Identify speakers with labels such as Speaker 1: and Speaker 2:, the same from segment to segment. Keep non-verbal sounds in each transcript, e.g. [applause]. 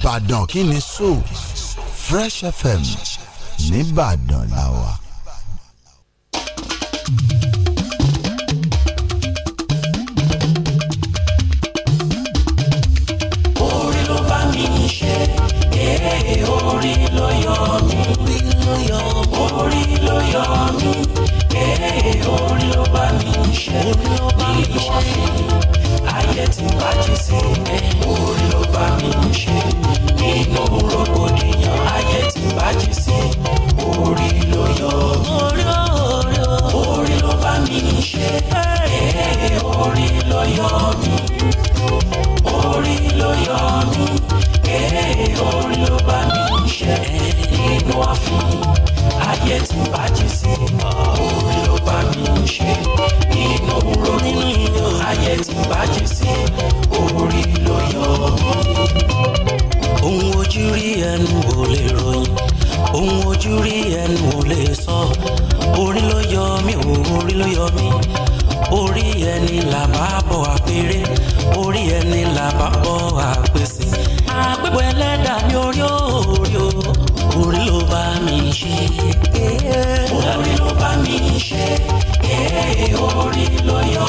Speaker 1: Ìbàdàn kí ni so Fresh FM nìbàdàn la wà.
Speaker 2: orí ló bá mi ṣe ee eh, orí ló yọ mí orí ló yọ mí ee eh, orí ló bá mi ṣe bí ìṣe ayé ti bàjẹ́ sí orí bá mi ṣe nínú rògbòdìyàn ayé tí bàjẹ́ sí orí ló yọ mí orí ló bá mi ṣe eh, orí ló yọ mí orí ló yọ mí eh, orí ló bá mi ṣe nínú àfin ayé ti bàjẹ́ sí orí bá mi ṣe nínú òwúrọ̀ nínú ayé tí bàjẹ́ sí orí ló yọ. ohun ojú rí ẹnu ò lè ròyìn ohun ojú rí ẹnu ò lè sọ orí ló yọ mí orí ló yọ mí orí ẹni là bá bọ̀ àpèrè orí ẹni là bá bọ̀ àpèsè àpèpọ̀ ẹlẹ́dàá ní orí òòrí o orí ló bá mi ṣe orí ló bá mi ṣe orí ló yọ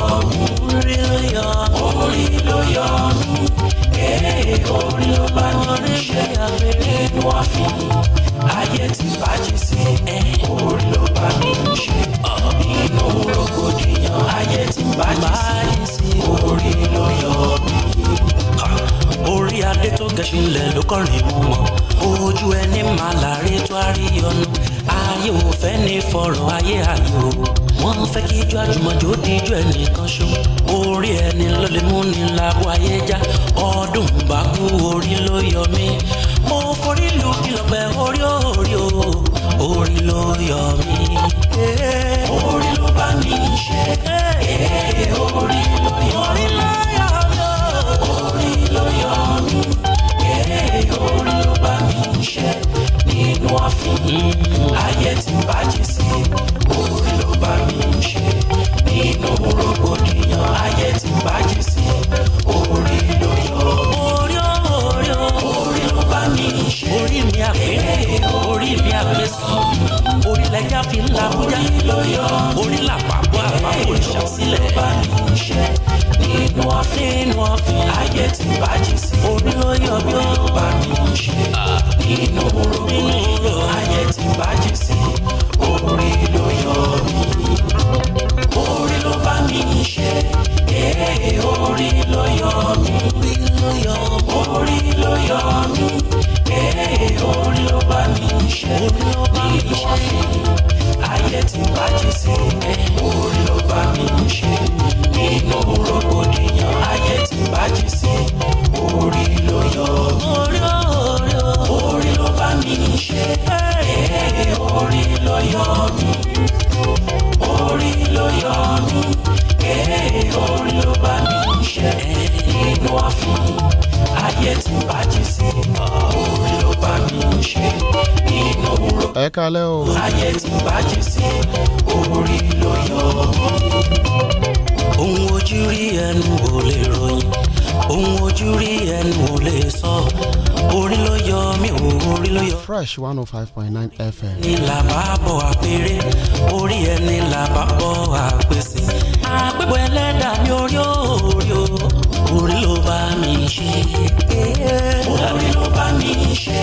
Speaker 2: orí ló yọ orí ló yọ orí ló bá mi ṣe inú ọ̀fun ayé ti bàjẹ́ sí orí ló bá mi ṣe inú rògbòdìyàn ayé ti bàjẹ́ sí orí ló yọ orí adé tó gẹṣin lẹ ló kọrin mú wọn ojú ẹni màlárí tó àríyànnú ayé ò fẹ́ ní fọ̀rọ̀ ayé ayé o wọ́n fẹ́ kí ijó àjùmọ̀jó di ijó ẹnìkan ṣó orí ẹni ló ni lágbo ayé já ọdún bá kú orí ló yọ mí mo forí lu kìlọ̀pẹ̀ orí orí o orí ló yọ mí. orí ló bá mi ṣe orí ló yọ mí orí ló yọ mí orí ló bá mi ṣe inú àfin ayé ti bàjẹ́ sí orí ló bá mi ń ṣe nínú rògbòdìyàn ayé ti bàjẹ́ sí orí ló yọ. orí orí orí ló bá mi ń ṣe. orí mi àpérè orí mi àpésàn orí lẹjà fi ń la bújá orí làpapọ̀ àpapọ̀ ìṣàsílẹ̀. orí ló bá mi ń ṣe nínú àfin ayé ti bàjẹ́ sí orí ló yọ inú rògbòdìyàn ayé tí bá jì sí orí ló yọ mí orí ló bá mi ṣe ee orí ló yọ mí orí ló yọ mí ee orí ló bá mi ṣe nínú ọ̀fìn ayé tí bá jì sí orí ló bá mi ṣe nínú rògbòdìyàn ayé tí bá jì sí orí ló yọ mí orí ló bá mi ṣe orí ló yọ mí orí ló yọ mí orí ló bá mi ṣe eh, eh, inú àfin ayé ti bàjẹ́ sí orí ló bá mi ṣe inú òwúrọ̀ ẹ kalẹ́ o bàjẹ́ sí orí ló yọ mí ohun ojú rí ẹnu ò lè ròyìn ohun ojú rí ẹni wò lè sọ orí ló yọ mí ò ló yọ.
Speaker 3: fresh one oh five point nine fm.
Speaker 2: ní làbá bọ̀ àpèrè orí ẹni làbá bọ̀ àpèsè àpébọ̀ ẹlẹ́dàá ní orí òòrí o orí ló bá mi ṣe orí ló bá mi ṣe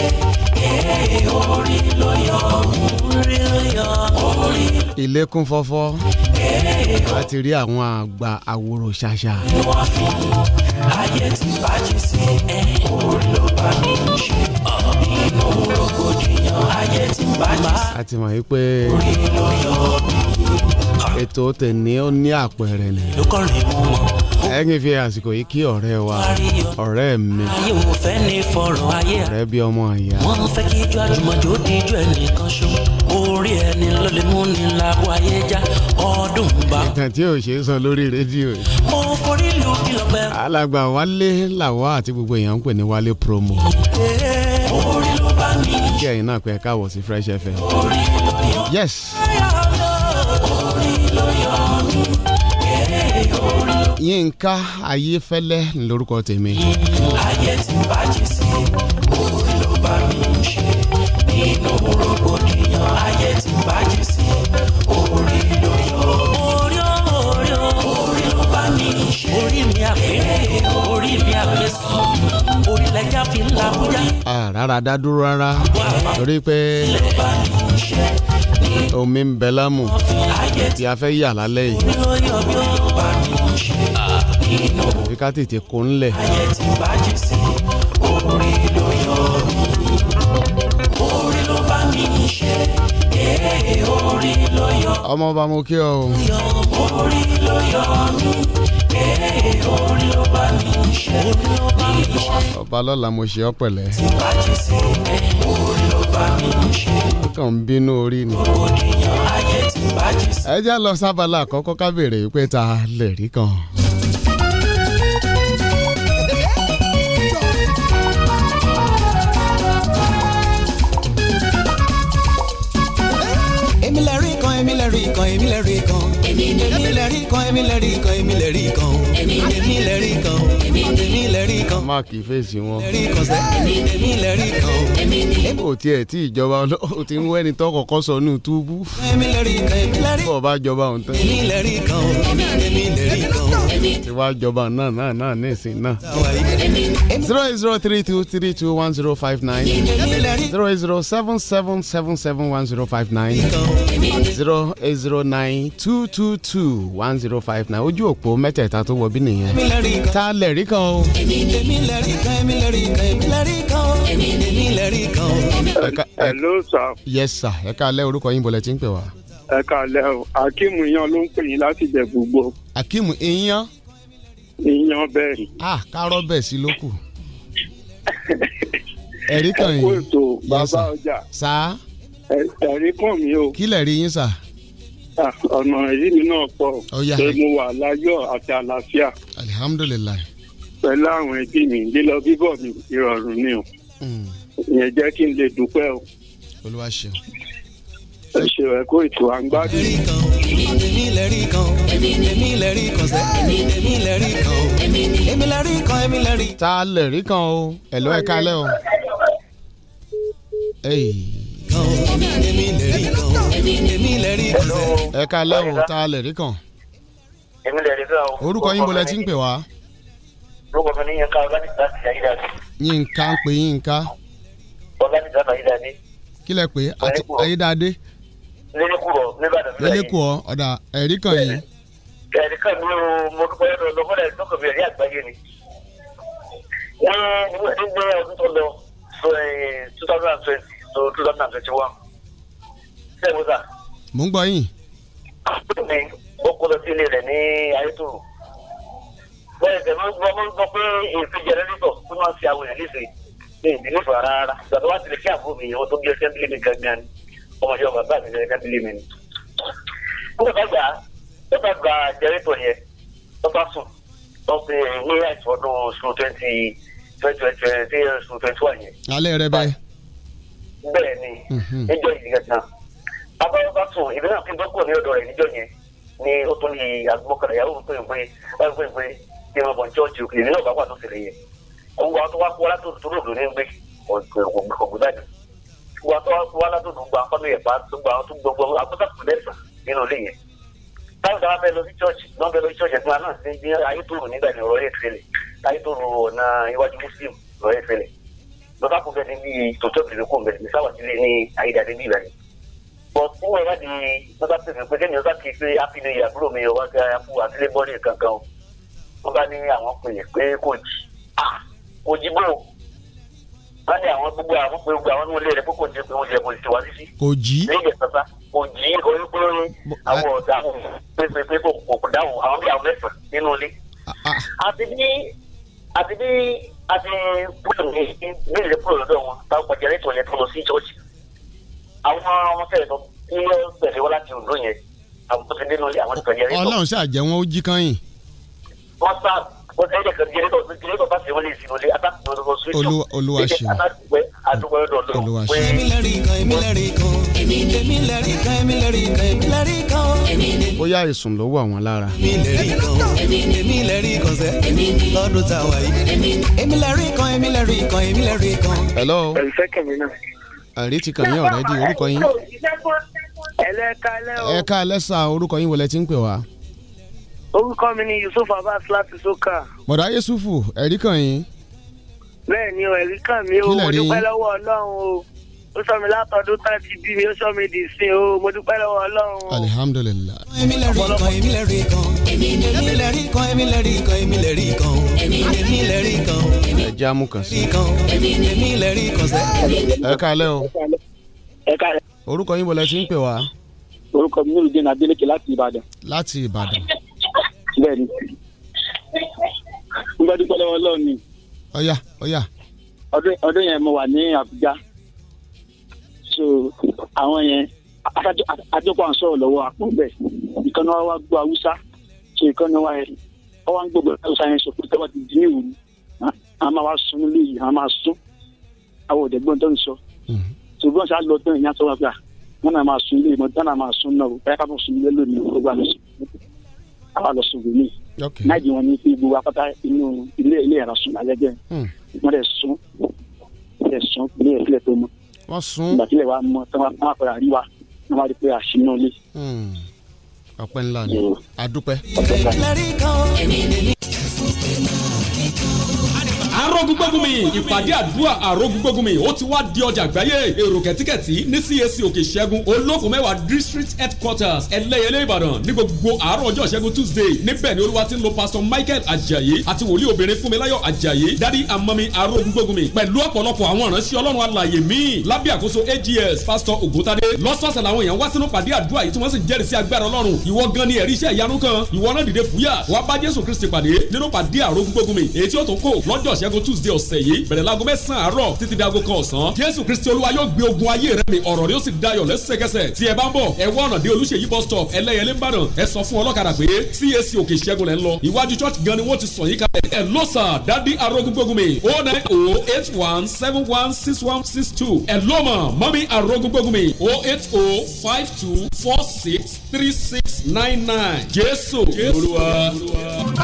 Speaker 2: orí ló
Speaker 3: yọ orí ló yọ orí. ilé fọ́fọ́ a rí àwọn àgbà àwòrò ṣàṣà.
Speaker 2: ìwà fún ayé ti bàjẹ́ sí ẹ orí ló bá mi ṣe inú rògbòdìyàn ayé ti bàjẹ́ sí.
Speaker 3: a ti mọ̀ yí pé orí ló yọ ètò tẹ̀ ní ó ní àpẹẹrẹ ni.
Speaker 2: lókọ̀rin mú
Speaker 3: wọn ẹ fi àsìkò yìí kí ọ̀rẹ́ wa ọ̀rẹ́ mi
Speaker 2: ọ̀rẹ́
Speaker 3: bí ọmọ ìyá.
Speaker 2: wọ́n fẹ́ kí ijó àjùmọ̀jò di ẹnìkan ṣó orí ẹni ló mú ni lágbo ayé ọdún bá.
Speaker 3: ìtàn tí ò ṣe é san lórí rédíò yìí.
Speaker 2: mo forí lu kìlọ̀
Speaker 3: pẹ́. alàgbà wálé làwọ̀ àti gbogbo èèyàn ń pè ní wálé promo. orí ló bá mi. kí ẹ̀yin náà pé káwọ̀ sí fresh fm. orí ló yọ. orí ló yọ mí. Yínká Ayéfẹ́lẹ́ lórúkọ tèmi.
Speaker 2: ayé ti bàjẹ́ sí owó ló bá mi ń ṣe nínú rògbòdìyàn ayé ti bàjẹ́ sí orí ló yọ. orí orí orí ló bá mi ń
Speaker 3: ṣe orí mi àgbẹ̀ orí mi àgbẹ̀ sọ orí lẹ́jà fi ń labújá. rárá dá dúró rárá torí pé omi ń bẹ lámù tí a fẹ́ yà lálẹ́ yìí àbí ká tètè kó ńlẹ̀. ayé ti bàjẹ́ sí orí ló yọ mí orí ló bá mi ṣe ee orí ló yọ. ọmọ ọba mo kí ọ. orí ló yọ mí ee orí ló bá mi ṣe ọba lọ́la mo ṣe ọ́ pẹ̀lẹ́. ti bàjẹ́ sí orí ló bá mi ṣe. ó kàn ń bínú orí ni. ẹ já lọ sábàlá àkọ́kọ́ ká béèrè pé ta lè rí kan.
Speaker 2: rí kan èmi lè rí kan èmi lè kan èmi lè kan èmi lè kan èmi lẹ́rìí kan o èmi lẹ́rìí
Speaker 3: kan. má kì í fèsì wọn.
Speaker 2: èmi lẹ́rìí kan
Speaker 3: o. o tiẹ̀ tí ìjọba o ti ń wẹ́ ni tọkọ̀ kọ́ sọ ní túbú. èmi lẹ́rìí kan èmi lẹ́rìí kan. bọ́ọ̀bá jọba òun tán. èmi lẹ́rìí kan o èmi lẹ́rìí kan o. ti wá jọba náà náà náà ní ìsìn náà. zero eight zero three two three two one zero five nine zero eight zero seven seven seven seven one zero five nine zero eight zero nine two two two one zero five nine ojú òpó mẹ́tẹ̀ẹ̀ta tó wọ bí nìyẹn ta lẹ̀rí lẹ̀rí kan o
Speaker 2: èmi lẹ̀rí
Speaker 3: kan hello sir. yes sir ẹ káalẹ́ orúkọ yín bọ̀lẹ̀ tí ń pè wá. ẹ káalẹ́ o akeemu iyan ló ń pè yín láti jẹ gbogbo. akeemu iyan. iyan bẹ́ẹ̀ ni. ah kárọ́ bẹ́ẹ̀ sí ló kù. ẹ̀rí kan yìí. ẹ kó ètò bàbá ọjà. sá. ẹ̀rí kan mi o. kí lẹ̀rí yín sà ọ̀nà yìí mi náà pọ̀ mo wà láyọ̀ àti àlàáfíà. alihamudulilayi.
Speaker 4: pẹ̀lú àwọn ẹbí mi lílọ bíbọ̀ mi ìrọ̀rùn ni o.
Speaker 3: Hmm.
Speaker 5: ìyẹn jẹ́ kí n lè dúpẹ́ o. olúwa ṣeun. ẹ ṣe ẹ kó ètò à ń gbádùn. èmi
Speaker 2: lè rí kan èmi lè kan sẹ́ èmi lè kan èmi lè
Speaker 3: kan èmi lè ta lè kan o ẹ̀lọ́ ẹ̀ka lẹ́ o kan o èmi
Speaker 6: lè rí kan o èmi lè rí kan o.
Speaker 3: ẹ ká lẹ́wọ̀n tá a lè rí kan. èmi lè rí kan o. orúkọ yín bolẹ̀ tí ń pè wá.
Speaker 4: orúkọ mi ní yínká ọlọ́nìjà ti àyídà mi.
Speaker 3: yínká ń pè yínká.
Speaker 4: ọlọ́nìjà ti àyídà mi.
Speaker 3: kí lẹ pé àyídà dé.
Speaker 4: lélẹ́kùrọ̀ nígbàdàn. lélẹ́kùrọ̀
Speaker 3: ọ̀dà ẹ̀rí kan yìí.
Speaker 4: ẹ̀rí kan ní o mo dúpẹ́ lọ́wọ́ 2020 to two thousand and twenty one. ṣé mo sà.
Speaker 7: mo
Speaker 3: ń gbọ́ yín.
Speaker 4: àbúrò mi ó kó lọ sí ilé rẹ̀ ní ayétòrò. bẹ́ẹ̀ tẹ̀ wọ́n gbọ́ wọ́n gbọ́ pé èsì jẹrẹ́lítọ̀ tó máa ń fi àwọn èèyàn léṣe ní ìdílé fún ara rárá. ìgbà tó wá tilẹ̀ kí àbúrò mi yẹn wọ́n tó bí ẹsẹ̀ ń bílẹ̀ mi gangan ni ọmọ ìyá bàbá mi lẹ́yìn kan bílẹ̀ mi ni. nígbà gbà nígbà gbà bá sùn wọ́n pe yẹn bẹ́ẹ̀ ni mhm. níjọ́ yìí gangan bàbá wa bá sùn ìbí náà kí n bọ́ kúrò ní ọ̀dọ̀ rẹ̀ níjọ́ yẹn ni ó tún ní agbọ́kànlá yàrá òun pé pé wọ́n pè pé kí wọ́n bọ̀ ní chọ́ọ̀chì òkè nínú ọ̀gá wà tó ṣẹlẹ̀ yẹn wọ́n tó wá kó wá látò tó lòdù ní gbé ọ̀gbẹ́dàgbẹ́ wọ́n tó wá kó wá látò tó gba akọ́nú yẹn pa tó gba tó gbogbo akọ́sàkùn lẹ́sà nínú ilé yẹn táwọn ìjọba fẹ́ lọ sí chọ́ọ̀chì wọ́n fẹ́ lọ sí chọ́ọ̀chì ẹ̀sìn náà sí ayétòrò nígbà ní ọ̀rọ̀ yẹn tẹ́lẹ̀ ayétòrò ọ̀nà muslim ọ̀rọ̀ yẹn dɔ ka kunfɛ ni tɔtɔ de bɛ kunfɛ misa waati ni ayidade bi bɛ bɔn fún wa di dɔ ka pèsè pèsè ni dɔ ka kii pé api ni àbúrò mi wa kɛ apu akele bɔ ne kankan o wọn bá ní àwọn pèsè pé kò jì ah kò jì bò wọn ní àwọn gbogbo àwọn pé gbogbo àwọn ní olè rẹ kó kò jì pé wọn jẹ kò jì wá sísí kò jì ní ìjẹ sasa kò jì onígbóni àwọn ọ̀dà pèsè pé kò dáhùn àwọn bí àwọn mẹ́fà nínú ilé àti bí àti bí a ti wúlò ní ní ìlú kúrò lọ́dọ̀ wọn bá gbàjà nítorí yẹn tó lọ sí church àwọn ọmọ tẹ̀lé tó ń wẹ́ pẹ̀lú wọn láti ìlú yẹn àwọn tó ti dé lórí àwọn ìtọ́jú yẹn. ọlọ́run
Speaker 3: ṣàjẹ́ wọn ó jí kányìn.
Speaker 4: wọ́n sá wọ́n ẹ̀jẹ̀ kan jẹ́rẹ́tọ̀ jẹ́rẹ́tọ̀ bá ti wọlé ìsìn wọlé atakùn lọ́dọ̀
Speaker 7: sọ́ọ́ èmi lẹ́rìí kan èmi lẹ́rìí kan
Speaker 3: èmi lẹ́rìí kan o. bóyá àìsàn ló wà wọ́n lára. èmi lẹ́rìí kan èmi lẹ́rìí kan sẹ́ lọ́dún tá a wà yìí. èmi lẹ́rìí kan èmi lẹ́rìí kan èmi lẹ́rìí kan. hello. ẹ̀rí kẹ̀mí náà. ẹ̀rí ti kàn yín ọ̀rẹ́dì orúkọ yín. ẹ̀ka alẹ́ o. orúkọ yín wọlé tí ń pè wá.
Speaker 4: orúkọ mi ni Yusuf Abbas láti Soka.
Speaker 3: bọ̀dá Yusufu ẹ̀rí kàn yín.
Speaker 4: bẹ́ẹ̀ ni ẹ̀rí kàn mí o mo dúpẹ́ lọ́wọ́ Ọlọ́run o ó sọ mi látọdún tán ti mi ó sọ mi dì sí o mo dúpẹ́ lọ́wọ́ ọlọ́run.
Speaker 3: alihamudulilayi. èmi lè
Speaker 8: rí kan èmi lè rí kan èmi lè rí kan èmi lè rí kan èmi lè rí kan èmi lè rí kan.
Speaker 3: ẹ jẹ́ amú kan sí.
Speaker 8: èmi lè rí kan sẹ́.
Speaker 3: ẹ kálẹ́ o. ẹ kálẹ́. orúkọ yín bọ̀lẹ́ tí ń pè wá. orúkọ mi nínú jẹ́nà adélèké láti ìbàdàn. láti ìbàdàn. bẹ́ẹ̀ni
Speaker 4: n gbàdúgbò lọ́wọ́ ọlọ́run ni.
Speaker 3: ọ̀yà ọ̀yà.
Speaker 4: ọdún yẹn mo wà ní àbújá so àwọn yẹn adájọ́ kan sọ̀rọ̀ lọ́wọ́ àpọ̀nbẹ̀ ìkànnì wa wá gbọ́ haúsá so ìkànnì wa yẹn ọwọ́ ń gbọ́gbọ́ haúsá yẹn sọ pé tẹ́wà ti di ní òru a máa wá sun nílé yìí a máa sun àwọn òde gbọ́n tó ń sọ ṣùgbọ́n ṣáà lọ tán ìyá sọ́wọ́ gbà wọn náà máa sun ilé ìmọ̀ dáná máa sun náà báyà ká fún sun ilé lónìí ó gbà lọ sùn àwa lọ sùn lónìí náà jì wọn ní fi gbogbo apáta inú ilé ilé yàrá sùn lálẹ́ jẹ́ hmm. wọn dẹ̀ sùn dẹ̀ sùn ilé ìfilẹ̀ tó mọ́ wọ́n sún. ìgbà tílẹ̀ wa mọ tí wọ́n máa padà rí wa wọ́n máa rí pé àṣìná lé.
Speaker 3: Hmm. ọpẹ́ ńlá ni adúpẹ́
Speaker 9: arógúngbógunmi ìpàdé àdúrà arógúngbógunmi ó ti wá di ọjà àgbáyé èrò kẹ̀tíkẹ̀tì ní CAC òkè ṣẹ́gun olókùn mẹ́wàá district headquarters ẹlẹ́yẹlé ìbàdàn ní gbogbo àárọ̀ ọjọ́ ṣẹ́gun tuesday níbẹ̀ ni olúwa ti ń lo pastor michael ajayi àti wòlíì obìnrin fúnmiláyọ̀ ajayi dádì amami arógúngbógunmi pẹ̀lú ọ̀pọ̀lọpọ̀ àwọn ìránṣẹ́ ọlọ́run alàyè míì lábẹ́ àkóso ags pastor ògúntadé lọ́sọ̀ọ̀sẹ̀ làwọn èèyàn wá sínú pàdé àdúrà yìí tí wọ́n sì jẹ́rìí sí agbára ọlọ́run ìwọ gan ni ẹ̀rí iṣẹ́ ìyanu kan ìwọ náà dìde fúyà wàá bá jésù kristi pàdé nínú ló pàdé àrógúngbógunmi èyí tí ó tún kò lọ́jọ́ ṣẹ́gun tuesday ọ̀sẹ̀ yìí bẹ̀rẹ̀ láago mẹ́sàn-án àárọ̀ títí di aago kan ọ̀sán jésù kristi olúwa yóò gbé ogun ayé rẹ mi ọ̀rọ̀ yóò sì dayọ̀ lẹ́sẹ̀kẹsẹ̀ tí ẹ bá ń bọ̀ ẹ wá ọ̀nà dé olúṣèyí bus stop ẹlẹ́yẹlé ń bàdàn ẹ sọ fún ọlọ́kadà pé cac òkè ìṣẹ́gun lẹ́ ń lọ iwájú church gan ni wọ́n ti sọ yín kalẹ̀ ẹ ló sà dádì arógúngbógunmi o oh nine o oh eight one seven one six one six two ẹ ló mọ̀ mọ́mí arógúngbógunmi o oh eight o five two four six three six nine nine jésù olúwa.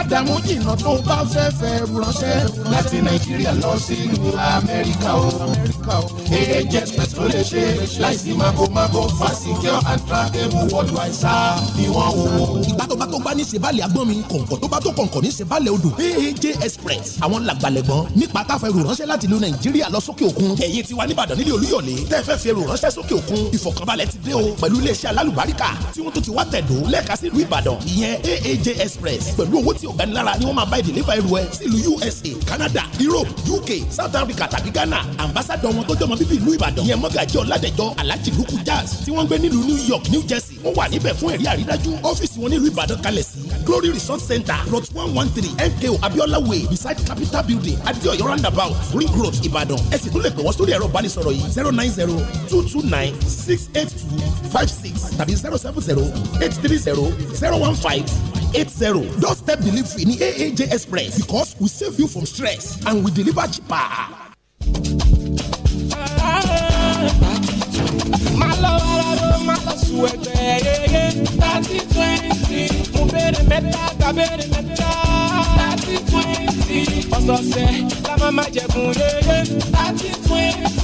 Speaker 9: àtàwọn jìnnà àwọn
Speaker 1: tó bá fẹ́ fẹ́ ránṣẹ́
Speaker 9: láti nàìjíríà lọ sílùú amẹ́ríkà o. èyí jẹ́ express ló lè ṣe láìsí magomago fásikẹ́ àtàkẹ́mù worldwide sá ni wọ́n wò. ìgbà tó bá tó bá ní sèbálẹ̀ agbọ́n mi kọ̀ǹkọ̀ tó bá tó kọ̀ǹkọ̀ ní sèbálẹ̀ odò AAJ express àwọn làgbàlẹ̀gbọ́n nípa káfẹ́ rò ránṣẹ́ láti lu nàìjíríà lọ sókè òkun. ẹ̀yin ti wà níbàdàn nílé olúyọ̀lé tẹ́ fẹ́ fi rò ránṣẹ́ sókè òkun ìfọ̀kànbalẹ̀ ti dé o pẹ̀lú iléeṣẹ́ alálùbáríkà tí wọ́n tún ti wá tẹ̀dó lẹ́ka sílùú ìbàdàn abide nípa ẹrù ẹ sílùú USA Canada Europe UK South Africa tàbí Ghana ambassadọ wọn tó jọmọ bíbí ìlú Ìbàdàn ìyẹn mọ́gàjí Ọládẹjọ Alhaji Luku Jazz tí wọ́n ń gbé nílùú New York New Jersey wọ́n wà níbẹ̀ fún ẹ̀rí àrídájú ọ́fíìsì wọn nílùú Ìbàdàn kalẹ̀ sí Glory Resort Center plot one one three MKO Abiola Way beside Capital Building Adeoyo roundabout Ring Road Ìbàdàn ẹ sì tún lè pè wọ́n sórí ẹ̀rọ ìbánisọ̀rọ̀ yìí zero nine zero two two nine six eight two five six tàbí zero seven zero eight three zero zero one five eight zero doorstep delivery ní aaj express because we save you from stress and we deliver cheaper.
Speaker 2: Má lọ wàrà ló má lọ sùn ẹgbẹ́ yeye thirty twenty mo béèrè mẹ́ta tàbéèrè mẹ́ta thirty twenty ọ̀sọ̀ọ̀sẹ̀ la máa ma jẹ̀kun yeye thirty twenty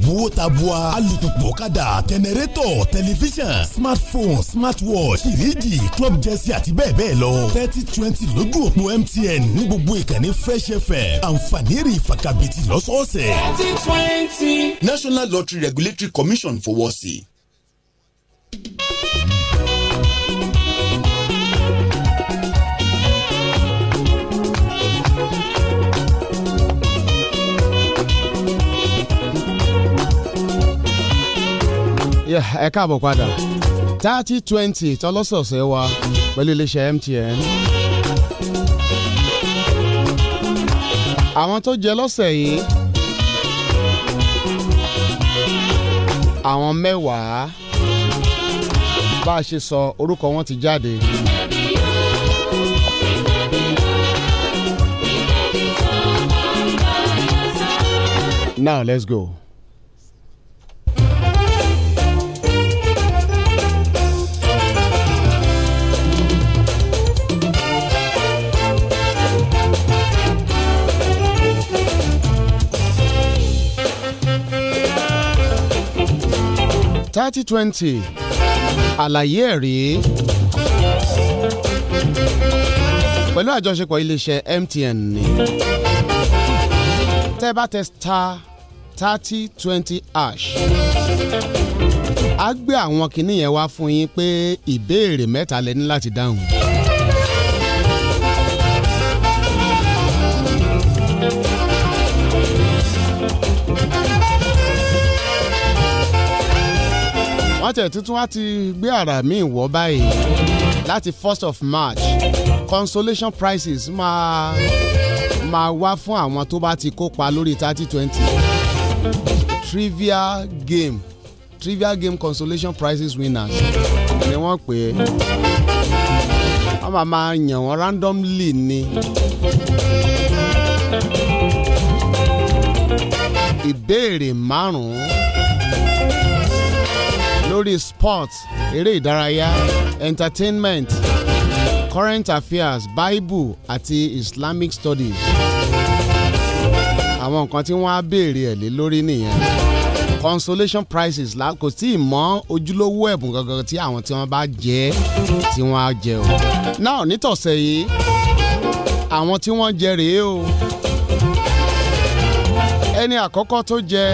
Speaker 9: tàbúwò tàbúwa alùpùpù ọ̀kadà tẹnẹrétọ̀ tẹlifíṣàn smartphone smartwatch fìríjì club jẹ́sí àti bẹ́ẹ̀ bẹ́ẹ̀ lọ thirty twenty lójú òpó MTN ní gbogbo ìkànnì Fresh FM àǹfààní rí ìfakabìtì lọ́sọ̀ọ̀sẹ̀. thirty
Speaker 2: twenty.
Speaker 9: National Lottery Regulatory Commission fowọ́ sí i.
Speaker 3: ẹ káàbọ̀ padà thirty twenty tọ́lọ́sọ̀ọ̀sẹ̀ wa pẹ̀lú iléeṣẹ́ MTN. àwọn tó jẹ lọ́sẹ̀ yìí àwọn mẹ́wàá bá a ṣe sọ orúkọ wọn ti jáde. Now let's go. thirty twenty àlàyé ẹ̀ rèé pẹ̀lú àjọṣepọ̀ iléeṣẹ́ MTN ni tẹ́ bá tẹ star thirty twenty ash á gbé àwọn kinní yẹn wá fún yín pé ìbéèrè mẹ́ta lẹ láti dáhùn wọ́n tẹ̀ tuntun wá ti gbé àrà míì wọ̀ báyìí láti first of March consolation prizes máa máa wá fún àwọn tó bá ti kópa lórí thirty twenty trivia game trivia game consolation prizes winners ni wọ́n pè é wọ́n máa máa yàn wọ́n randomly ni. ìbéèrè márùn-ún lórí sports eré ìdárayá entertainment current affairs bible àti islamic studies àwọn nǹkan tí wọ́n á béèrè ẹ̀ lé lórí nìyẹn consolation prices la kò tí ì mọ ojúlówó ẹ̀bùn gangan tí àwọn tí wọ́n bá jẹ́ tí wọ́n á jẹ o náà nítọ̀sẹ̀ yìí àwọn tí wọ́n jẹ rèé o ẹni àkọ́kọ́ tó jẹ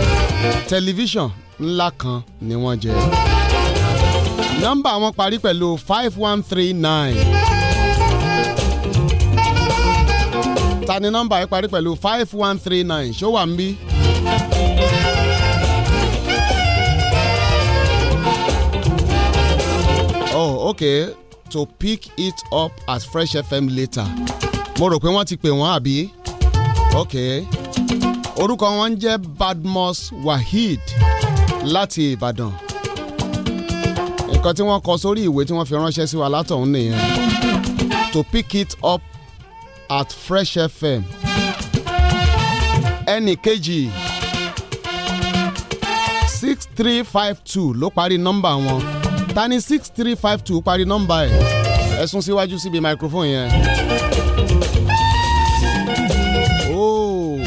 Speaker 3: tẹlifíṣàn ńlá kan ni wọ́n jẹ nọ́mbà wọn parí pẹ̀lú five one three nine. ta ni nọ́mbà yìí parí pẹ̀lú five one three nine ṣó wà ń bí. oh okay to pick it up at Fresh FM later mo rò pé wọ́n ti pè wọ́n àbí okay orúkọ wọn ń jẹ́ Badmus Waheed láti Ìbàdàn nǹkan tí wọ́n kọ sórí ìwé tí wọ́n fi ránṣẹ́ sí wa látọ̀hún nìyẹn to pick it up at Fresh FM ẹnì kejì six three five two ló parí nọ́mbà wọn ta ni six three five two parí nọ́mbà ẹ̀ ẹ sún síwájú síbi microphone yẹn. ooo oh.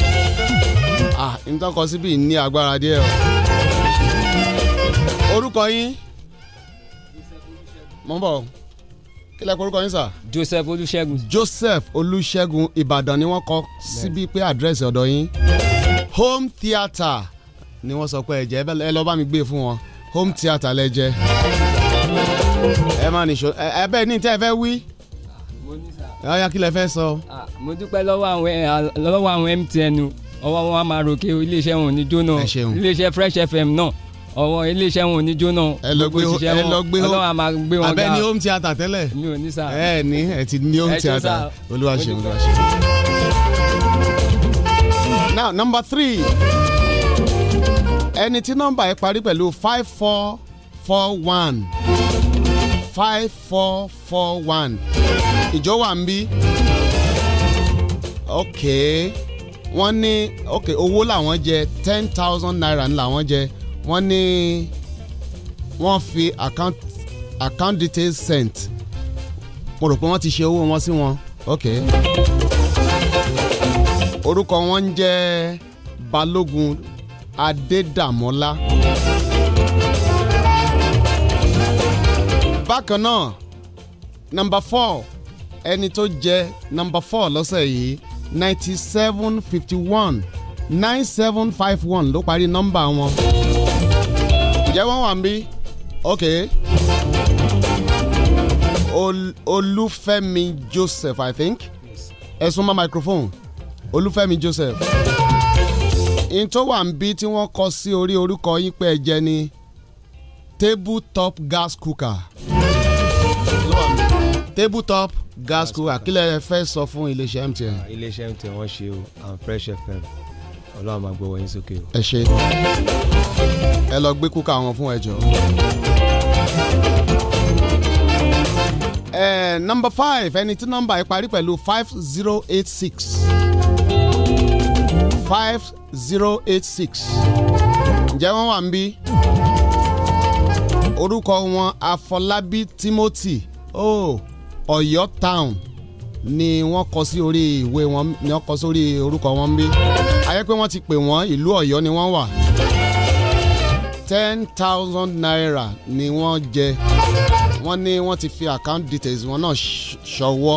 Speaker 3: ah ntọ́kọ síbi ní agbára díẹ̀ o orúkọ yín mo ń bọ̀ kí lẹ yín sà. Joseph Olúṣẹ́gun. Joseph Olúṣẹ́gun Ìbàdàn ni wọ́n kọ síbi pé àdírẹ́sì ọ̀dọ̀ yín home theatre ni wọ́n sọ pé ẹ jẹ́ ẹ lọ bá mi gbé e fún wọn home theatre lẹ jẹ́ ẹ má nìṣó ẹ bẹ́ẹ̀ ní tẹ́ ẹ fẹ́ wí ọyá kí lẹ fẹ́ sọ. mo dúpẹ́
Speaker 7: lọ́wọ́ àwọn MTN ọwọ́ wọn máa ròkè iléeṣẹ́ wọn ní jóná iléeṣẹ́ Fresh FM náà. No ọwọ́ iléeṣẹ́ wọn ò ní jóná ẹ lọ gbé ẹ lọ gbé home ọlọ́wà gbé wọn ga abẹ́ ni home
Speaker 3: theatre tẹ́lẹ̀ mi ò ní sá ẹ ní ẹ ti ní home theatre olúwa ṣe olúwa ṣe. now number three ẹni tí nọ́mbà ẹ parí pẹ̀lú five four four one five four four one ìjọ wà ń bí ok wọ́n ní ok owó làwọn jẹ ten thousand naira làwọn jẹ wọ́n ní wọ́n fi account account details sent mo rò pé wọ́n ti ṣe owó wọn sí wọn ok orúkọ wọn ń jẹ́ Balógun Adédàmọ́lá. bákan náà nọmba four ẹni tó jẹ nọmba four lọ́sẹ̀ yìí ninety seven fifty one nine seven five one ló parí nọmba wọn ǹjẹ́ wọ́n wà ń bí ok olúfẹ́mi joseph i think ẹ mọ́ microphone olúfẹ́mi joseph in tó wà ń bí tí wọ́n kọ sí orí orúkọ yín pé ẹ ni table top gas cooker table top gas cooker kí lẹ fẹ́ sọ fún iléeṣẹ́ MTN. Ah, iléeṣẹ́ MTN
Speaker 7: wọ́n ṣe o and Fresh FM ọlọ́run máa gbọ́wọ́ yín sókè o. ẹ ṣe
Speaker 3: ẹ lọ gbé kúkà wọn fún ẹ ẹ nọmba five ẹni tí nọmba yìí parí pẹ̀lú five zero eight six five zero eight six ǹjẹ́ wọ́n wà ń bí? orúkọ wọn Afọlábí Timothy oh, Ọ̀yọ́ town ni wọ́n kọ sí orí ìwé wọn ni wọ́n kọ sórí orúkọ wọn ń bí ayé pé wọ́n ti pè wọ́n ìlú Ọ̀yọ́ ni wọ́n wà ten thousand naira ni wọ́n jẹ wọ́n ní wọ́n ti fi account details wọn náà ṣọwọ́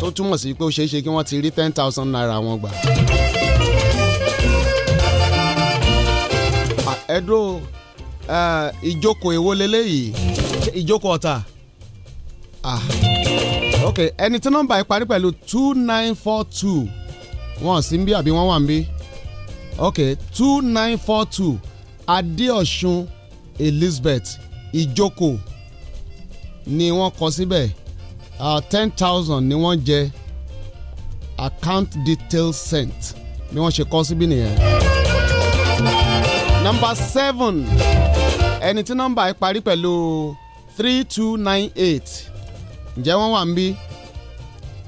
Speaker 3: tó túmọ̀ sí pé ó ṣeé kí wọ́n ti rí ten thousand naira wọn gbà. ẹ̀dùn ìjókòó èwo leléyìí ìjókòó ọ̀tà. ok ẹni tí nọ́mbà yìí parí pẹ̀lú two nine four two wọn sì ń bí àbí wọn wà ń bí ok two nine four two Adéọ̀sùn Elizabeth Ijoko. ni wọ́n kọ síbẹ̀ ten thousand ni wọ́n jẹ account details sent ni wọ́n ṣe kọ síbí nìyẹn. number seven ẹni tí nọ́mbà ẹ̀ parí pẹ̀lú three two nine eight ǹjẹ́ wọ́n wà ń bí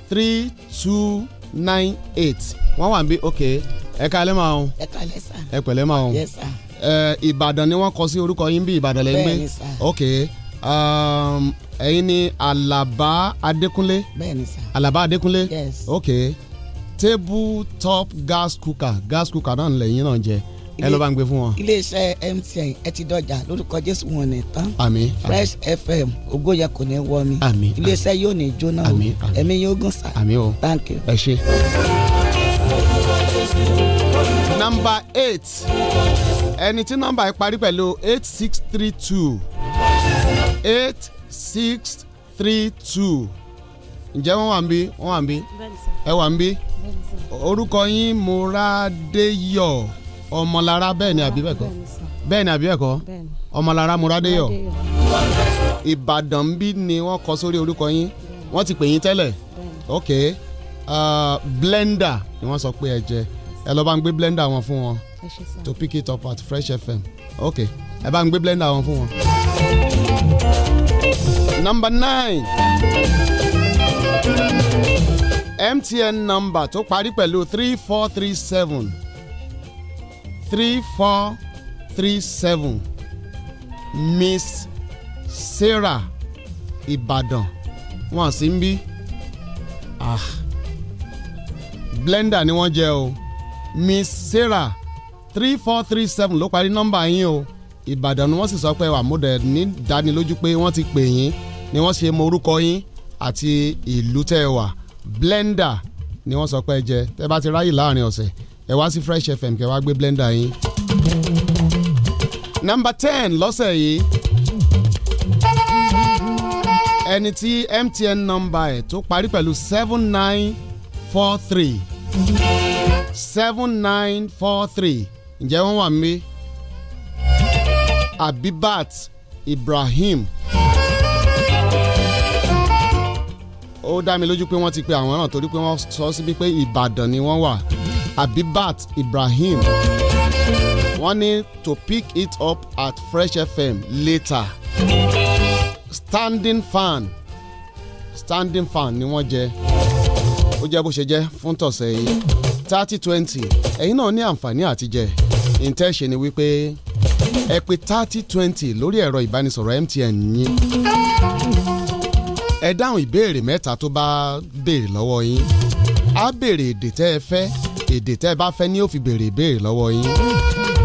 Speaker 3: three two nine eight wọ́n wà níbí ok ẹ kalẹ́ máa ń. ẹ kalẹ́ sà. ẹ pẹ̀lẹ́ yes sà. ìbàdàn ni wọ́n kọ sí orúkọ yín bí ìbàdàn lẹ́yìn gbé. bẹ́ẹ̀ni ok um, ẹ̀yin ni alaba adékúnlé. bẹ́ẹ̀ni sà. alaba adékúnlé. yes. ok table top gas cooker gas cooker náà lẹ́yìn náà jẹ́ ẹ ló bá ń gbé fún wọn. iléeṣẹ́ MTN ẹ ti dọjà lórúkọ Jésù wọn ní tán. àmín. Fresh FM Ogo yẹn kò ní wọ mi. àmín. iléeṣẹ́ yóò ní jóná o. àmín àmín. ẹ̀mí yóò gùn sá. àmín o. thank you. ẹ ṣe. nọ́mbà eight ẹni tí nọ́mbà yìí parí pẹ̀lú eight six three two eight six three two ǹjẹ́ wọ́n wà ń bí wọ́n wà ń bí ẹ wà ń bí orúkọ yín Múradéyọ̀ ọmọlára bẹ́ẹ̀ ni àbí bẹ́ẹ̀ kọ́ bẹ́ẹ̀ ni àbí bẹ́ẹ̀ kọ́ ọmọlára muradeyọ ìbàdàn ń bí ni wọ́n kọ sórí orúkọ yín wọ́n ti pè yín tẹ́lẹ̀ ok ah, blender ni wọ́n sọ pé ẹ jẹ ẹ lọ bá ń gbé blender wọn fún wọn to pick it up at Fresh FM ok ẹ bá ń gbé blender wọn fún wọn. number nine MTN number tó parí pẹ̀lú three four three seven three four three seven miss sarah Ibadan. wọn sì ń bí ah blender ni wọ́n jẹ́ o miss sarah three four three seven ló parí nọ́mbà yín o ìbàdàn ni wọ́n sì sọ pé àmúdẹ ní dánilójú pé wọ́n ti pè yín ni wọ́n ṣe mọ orúkọ yín àti ìlú tẹ́ ẹ wà blender ni wọ́n sọ pé ẹ jẹ́ tẹ́ bá ti ráyè láàrin ọ̀sẹ̀ ẹ wá sí Fresh FM kẹ wá gbé blender yín. nọ́mbà ten lọ́sẹ̀ yìí ẹni tí MTN nọ́mbà ẹ̀ tó parí pẹ̀lú seven nine four three seven nine four three ǹjẹ́ wọ́n wà mí Abibat Ibrahim ó dá mi lójú pé wọ́n ti pe àwọn náà torí pé wọ́n sọ síbi pé Ìbàdàn ni wọ́n wà. Abibat Ibrahim wọ́n ní to pick it up at Fresh FM later standing fan standing fan ni wọ́n jẹ ó jẹ́ bó ṣe jẹ́ fún tọ̀sẹ̀ yìí thirty twenty ẹ̀yin náà ní àǹfààní àti jẹ ìtẹ́ṣe ni wípé ẹ pè thirty twenty lórí ẹ̀rọ ìbánisọ̀rọ̀ MTN yín ẹ dáhùn ìbéèrè mẹ́ta tó bá béèrè lọ́wọ́ yín á béèrè èdè tẹ́ ẹ fẹ́ èdè tẹ́ ẹ bá fẹ́ ní ó fi ìbéèrè lọ́wọ́ yín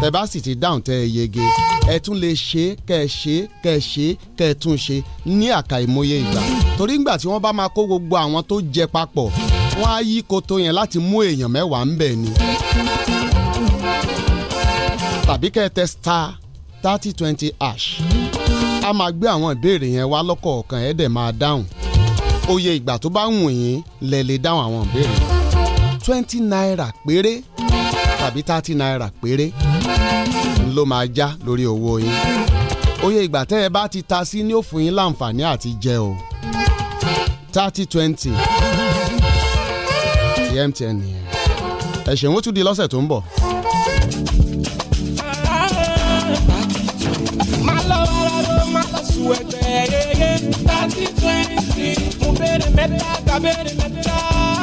Speaker 3: tẹ́ bá sì ti dáhùn tẹ́ ẹ yege ẹ tún lè ṣe kẹ́ ẹ ṣe kẹ́ ẹ ṣe kẹ́ ẹ tún ṣe ní àkàìmọye ìgbà torí ńgbà tí wọ́n bá máa kó gbogbo àwọn tó jẹ papọ̀ wọ́n á yí koto yẹn láti mú èèyàn mẹ́wàá ń bẹ̀ ni tàbí kẹ́ ẹ tẹ star thirty twenty ash a máa gbé àwọn ìbéèrè yẹn wá lọ́kọ̀ọ̀kan ẹ̀ dẹ̀ máa dáhùn òye ìgbà tó bá wù yín lẹ lè dáhùn àwọn ìbéèrè yẹn twenty naira péré tàbí thirty naira péré ló máa já lórí owó yín oye ìgbà tẹ́ ẹ bá ti ta sí ní òfin yín láǹfààní àti jẹ o thirty twenty ti MTN nìyẹn ẹ ṣeun ó tún di lọ́sẹ̀ tó ń bọ̀.
Speaker 2: thirty twenty mo béèrè mẹ́ta ká béèrè mẹ́ta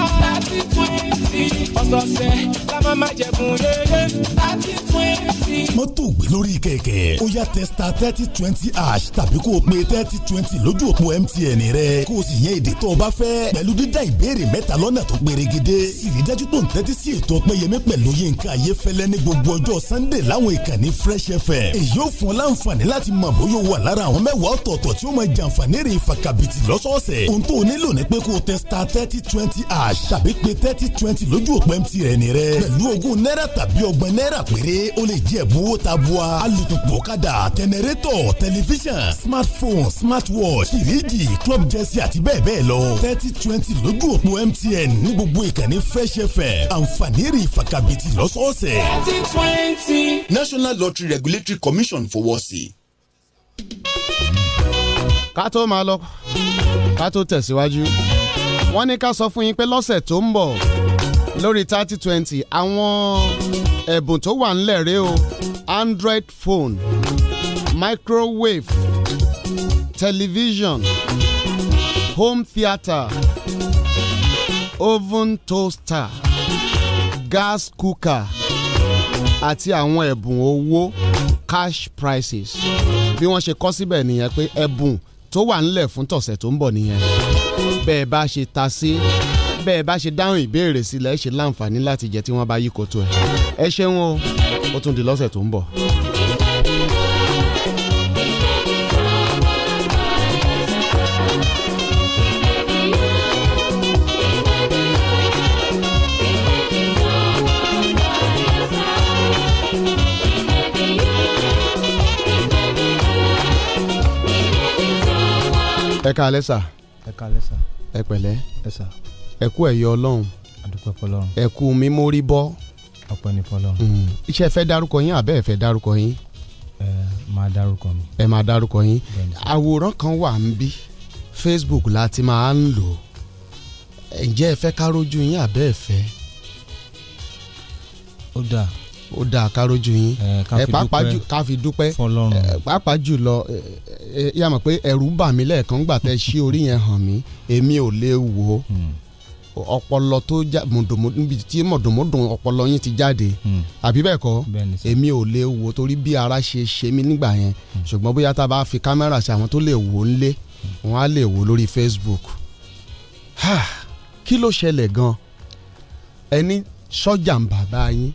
Speaker 2: thirty twenty ọ̀sọ̀ọ̀sẹ̀ la máa máa jẹ̀bùn rere thirty twenty.
Speaker 9: mọ́tò gbé lórí kẹ̀kẹ́ ó yá testa thirty twenty ash tàbí kó o pe thirty twenty lójú òpó mtn rẹ kó o sì yẹn èdè tó o bá fẹ́ pẹ̀lú dídá ìbéèrè mẹ́ta lọ́nà tó pérégedé ìrídájú tó ń tẹ́tí sí ètò ọpẹ́yẹmí pẹ̀lú yínká ayéfẹ́lẹ́ ní gbogbo ọjọ́ sunday láwọn ìkànnì fresh fm èyí ó fún ọ láǹfààní láti mọ bóyá o wà lára àwọn mẹ́wàá ọ̀tọ̀ọ̀tọ̀ tí ó máa jàǹfààní rè fàkàbìtì lọ́sọ̀ọ̀sẹ̀ ohun tó o nílò ni pé kó o testa thirty twenty ash àṣàbípe thirty twenty lójú òpó mtn rẹ pẹ̀lú ogún náírà tàbí ọgbọ̀n náírà péré ó lè jẹ́ ẹ̀bùn ta bua alùpùpù ọ̀kadà tẹnẹrétọ̀ tẹlifíṣàn smartphone smartwatch fìríjì club jersey àti bẹ́ẹ̀ bẹ́ẹ̀ lọ thirty twenty lójú òpó mtn ní gbogbo ìkànnì fresh àǹfààní rí ìfakabìtì lọ́sọ̀ọ̀sẹ̀. national lottery regulatory commission fọwọ́ sí.
Speaker 3: ká tó máa lọ ká tó tẹ̀síwájú wọ́n ní ká sọ fún yín pé lọ́sẹ̀ tó ń bọ̀ lórí thirty twenty àwọn ẹ̀bùn tó wà ńlẹ̀ rẹ o Android phone microwave television home theater, oven toaster gas cooker àti àwọn ẹ̀bùn owó cash prices. bí wọ́n ṣe kọ́ síbẹ̀ nìyẹn pé ẹ̀bùn tó wà ńlẹ̀ fún tọ̀sẹ̀ tó ń bọ̀ nìyẹn bẹ́ẹ̀ bá ṣe ta sí bẹ́ẹ̀ bá ṣe dáhùn ìbéèrè sílẹ̀ ẹ̀ ṣe láǹfààní láti jẹ tí wọ́n bá yí koto ẹ̀ ẹ ṣeun o ó tún di lọ́sẹ̀ tó ń bọ̀. ẹ káalẹ́ sà. ẹ káalẹ́ sà. ẹ pẹ̀lẹ́ ẹ kú ẹ̀yọ́ ọlọ́run ẹ kú mímórí bọ́
Speaker 7: ọpẹ́ ní fọlọ́run. Hmm.
Speaker 3: iṣẹ́ fẹ́ dárúkọ yín àbẹ́ fẹ́ dárúkọ yín.
Speaker 7: ẹ máa dárúkọ mi.
Speaker 3: ẹ máa dárúkọ yín àwòrán kan wà ń bí Facebook láti máa ń lò ǹjẹ́ ẹ fẹ́ ká rójú yín àbẹ́ fẹ́. ó dáa ó dáa kárójú yín ẹ pàápàá jù ká fi dúpẹ́ pàápàá jù lọ yà mọ̀ pé ẹ̀rù bà mí lẹ́ẹ̀kan gbà tẹ́ sí orí yẹn hàn mí èmi ò lè wò ó ọpọlọ tó já mọ̀dọ̀mọ̀dọ̀ níbi tí mọ̀dọ̀mọ̀dọ̀ ọpọlọ yín ti jáde àbí bẹ́ẹ̀ kọ́ èmi ò lè wò torí bí ara ṣe ṣe mí nígbà yẹn ṣùgbọ́n bóyá tá a bá fi kámẹ́rà ṣe àwọn tó lè wò ó ńlé wọn á lè wò ó lórí Facebook kí ló ṣẹlẹ̀ gan ẹni sọ́jà ń bàbá yín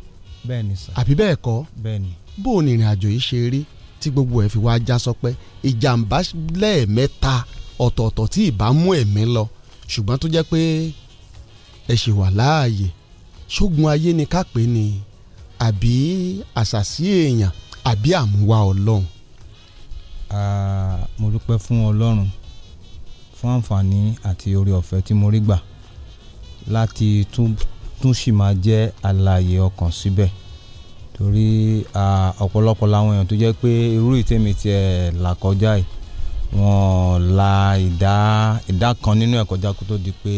Speaker 3: bẹ́ẹ̀ni sà. àbí bẹ́ẹ̀ kọ́ bẹ́ẹ̀ni. bó o ní ìrìn àjò yìí ṣe rí tí gbogbo ẹ̀ fi wá já sọpẹ́ ìjàmbá lẹ́ẹ̀mẹ́ta ọ̀tọ̀ọ̀tọ̀ tí ìbá mú ẹ̀mí lọ ṣùgbọ́n tó jẹ́ pé ẹ ṣì wà láàyè ṣógun ayé ni ká pè ní àbí àṣàsí èèyàn àbí
Speaker 7: àmúwá ọlọ́run. mo dúpẹ́ fún ọlọ́run fún àǹfààní àti oore ọ̀fẹ́ tí mo rí gbà láti tún tún sì máa jẹ́ àlàyé ọkàn síbẹ̀ torí ọ̀pọ̀lọpọ̀ làwọn èèyàn tó jẹ́ pé irú ìtẹ́mi tiẹ̀ là kọjá yìí wọ́n la ìdá ìdá kan nínú ẹ̀ kọjá kó tó di pé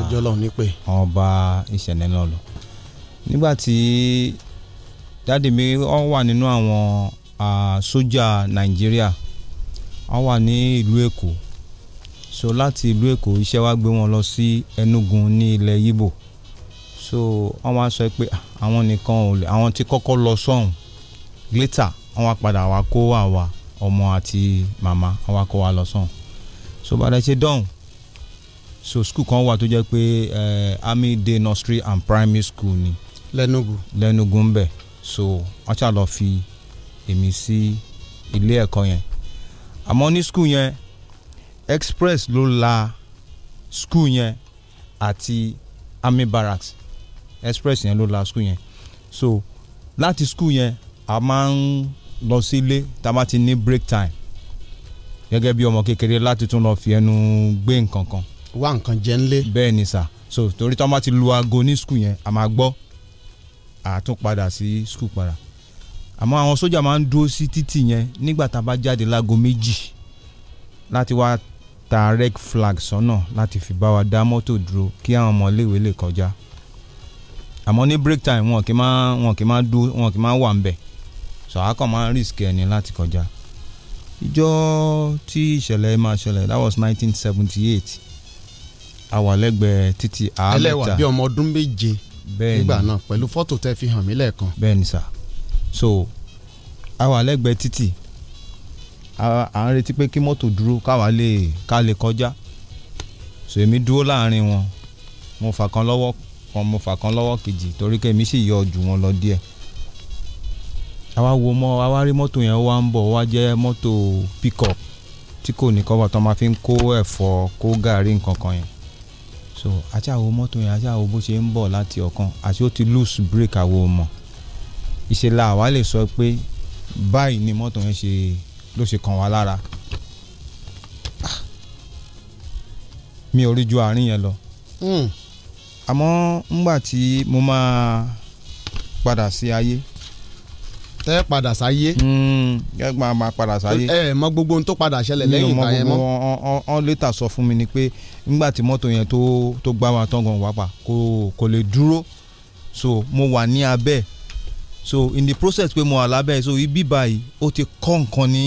Speaker 7: ọjọ́ lọ nípè wọ́n bá ìṣẹ̀lẹ̀ náà lọ. nígbà tí dáàdì mi wọ́n wà nínú àwọn sójà nàìjíríà wọ́n wà ní ìlú èkó so láti ìlú èkó iṣẹ́ wa gbé wọn lọ sí Enugu ní ilẹ̀ yíbò so wọ́n wá sọ pé ah, àwọn nìkan ò lè àwọn tí kọ́kọ́ lọ sọ́hùn later wọ́n wá padà wá kó àwa ọmọ àti màmá wọ́n wá kó wa lọ sọ́hùn so bàdà ṣe dọ́hùn so school kan wà tó jẹ́ pé eh, army day nursery and primary school ni lẹ́nugu lẹ́nugu ń bẹ̀ so wọ́n ṣáà lọ fi èmi sí ilé ẹ̀kọ́ yẹn àmọ́ ní school yẹn express ló la school yẹn àti army barracks express yẹn ló la school yẹn so láti school yẹn a máa ń lọ sí ilé tá a bá ti ní break time gẹ́gẹ́ bí ọmọ kékeré láti tún lọ fi ẹnu gbé nǹkan kan. wá nǹkan jẹ ńlé. bẹ́ẹ̀ ni sà so torí tí wọ́n bá ti lu aago ní school yẹn a máa gbọ́ a tún padà sí school padà àmọ́ àwọn sójà máa ń dúró sí títì yẹn nígbà tá a bá jáde láago méjì láti wá ta red flag sọ́nà láti fi bá wa dá mọ́tò dúró kí àwọn ọmọ iléèwé lè kọjá àmọ́ ní break time wọn kì í máa wọn kì í máa dúró wọn kì í máa wà ńbẹ̀ so akọ máa ń risk ẹni láti kọjá ìjọ tí ìṣẹ̀lẹ̀ máa ṣẹlẹ̀ that was nineteen seventy eight a wà lẹ́gbẹ̀ẹ́ títí àámẹ́ta ẹlẹ́wà bí ọmọ
Speaker 3: ọdún méje
Speaker 7: nígbà náà pẹ̀lú fọ́tò tẹ́ fi hàn mí lẹ́ẹ̀kan. bẹ́ẹ̀ni sà so a wà lẹ́gbẹ̀ẹ́ títì à ń retí pé kí mọ́tò dúró káwa lè ká lè kọjá so èmi dúró láàrin wọn mo fà kan lọ́wọ́ kan mo fà kan lọ́wọ́ kejì torí kẹ́mi sì yọ jù wọn lọ díẹ̀ àwa wo mọ́ àwa rí mọ́tò yẹn wá ń bọ̀ wá jẹ́ mọ́tò pickup tí kò ní kọ́bà tó máa fi ń kó ẹ̀fọ́ kó gàrí nǹkan kan yẹn so àti àwo mọ́tò yẹn àti àwo bó ṣe ń bọ̀ láti ọ̀kan àti ó ti loose break àwo mọ̀ ìṣẹ̀lẹ̀ àwa lè sọ pé báyìí ni mọ́tò yẹn ṣe ló ṣe kàn wá lára ah! mi ò rí ju àárín yẹn lọ. Hmm àmọ́ ńgbà tí mo máa padà sí ayé. tẹ́ padà sáyé. Hmm, ẹ máa máa padà sáyé. ẹ
Speaker 3: mọ gbogbo ohun tó padà ṣẹlẹ̀ lẹ́yìn ìgbà yẹn mọ́. mi ò
Speaker 7: mọ gbogbo wọn létà sọ fún mi ni pé ńgbà tí mọ́tò yẹn tó gbá wa tán gan wá pa kò kò lè dúró so mo wà ní abẹ́ so in the process pé mo wà lábẹ́ so ibi báyìí ó ti kọ́ nǹkan ní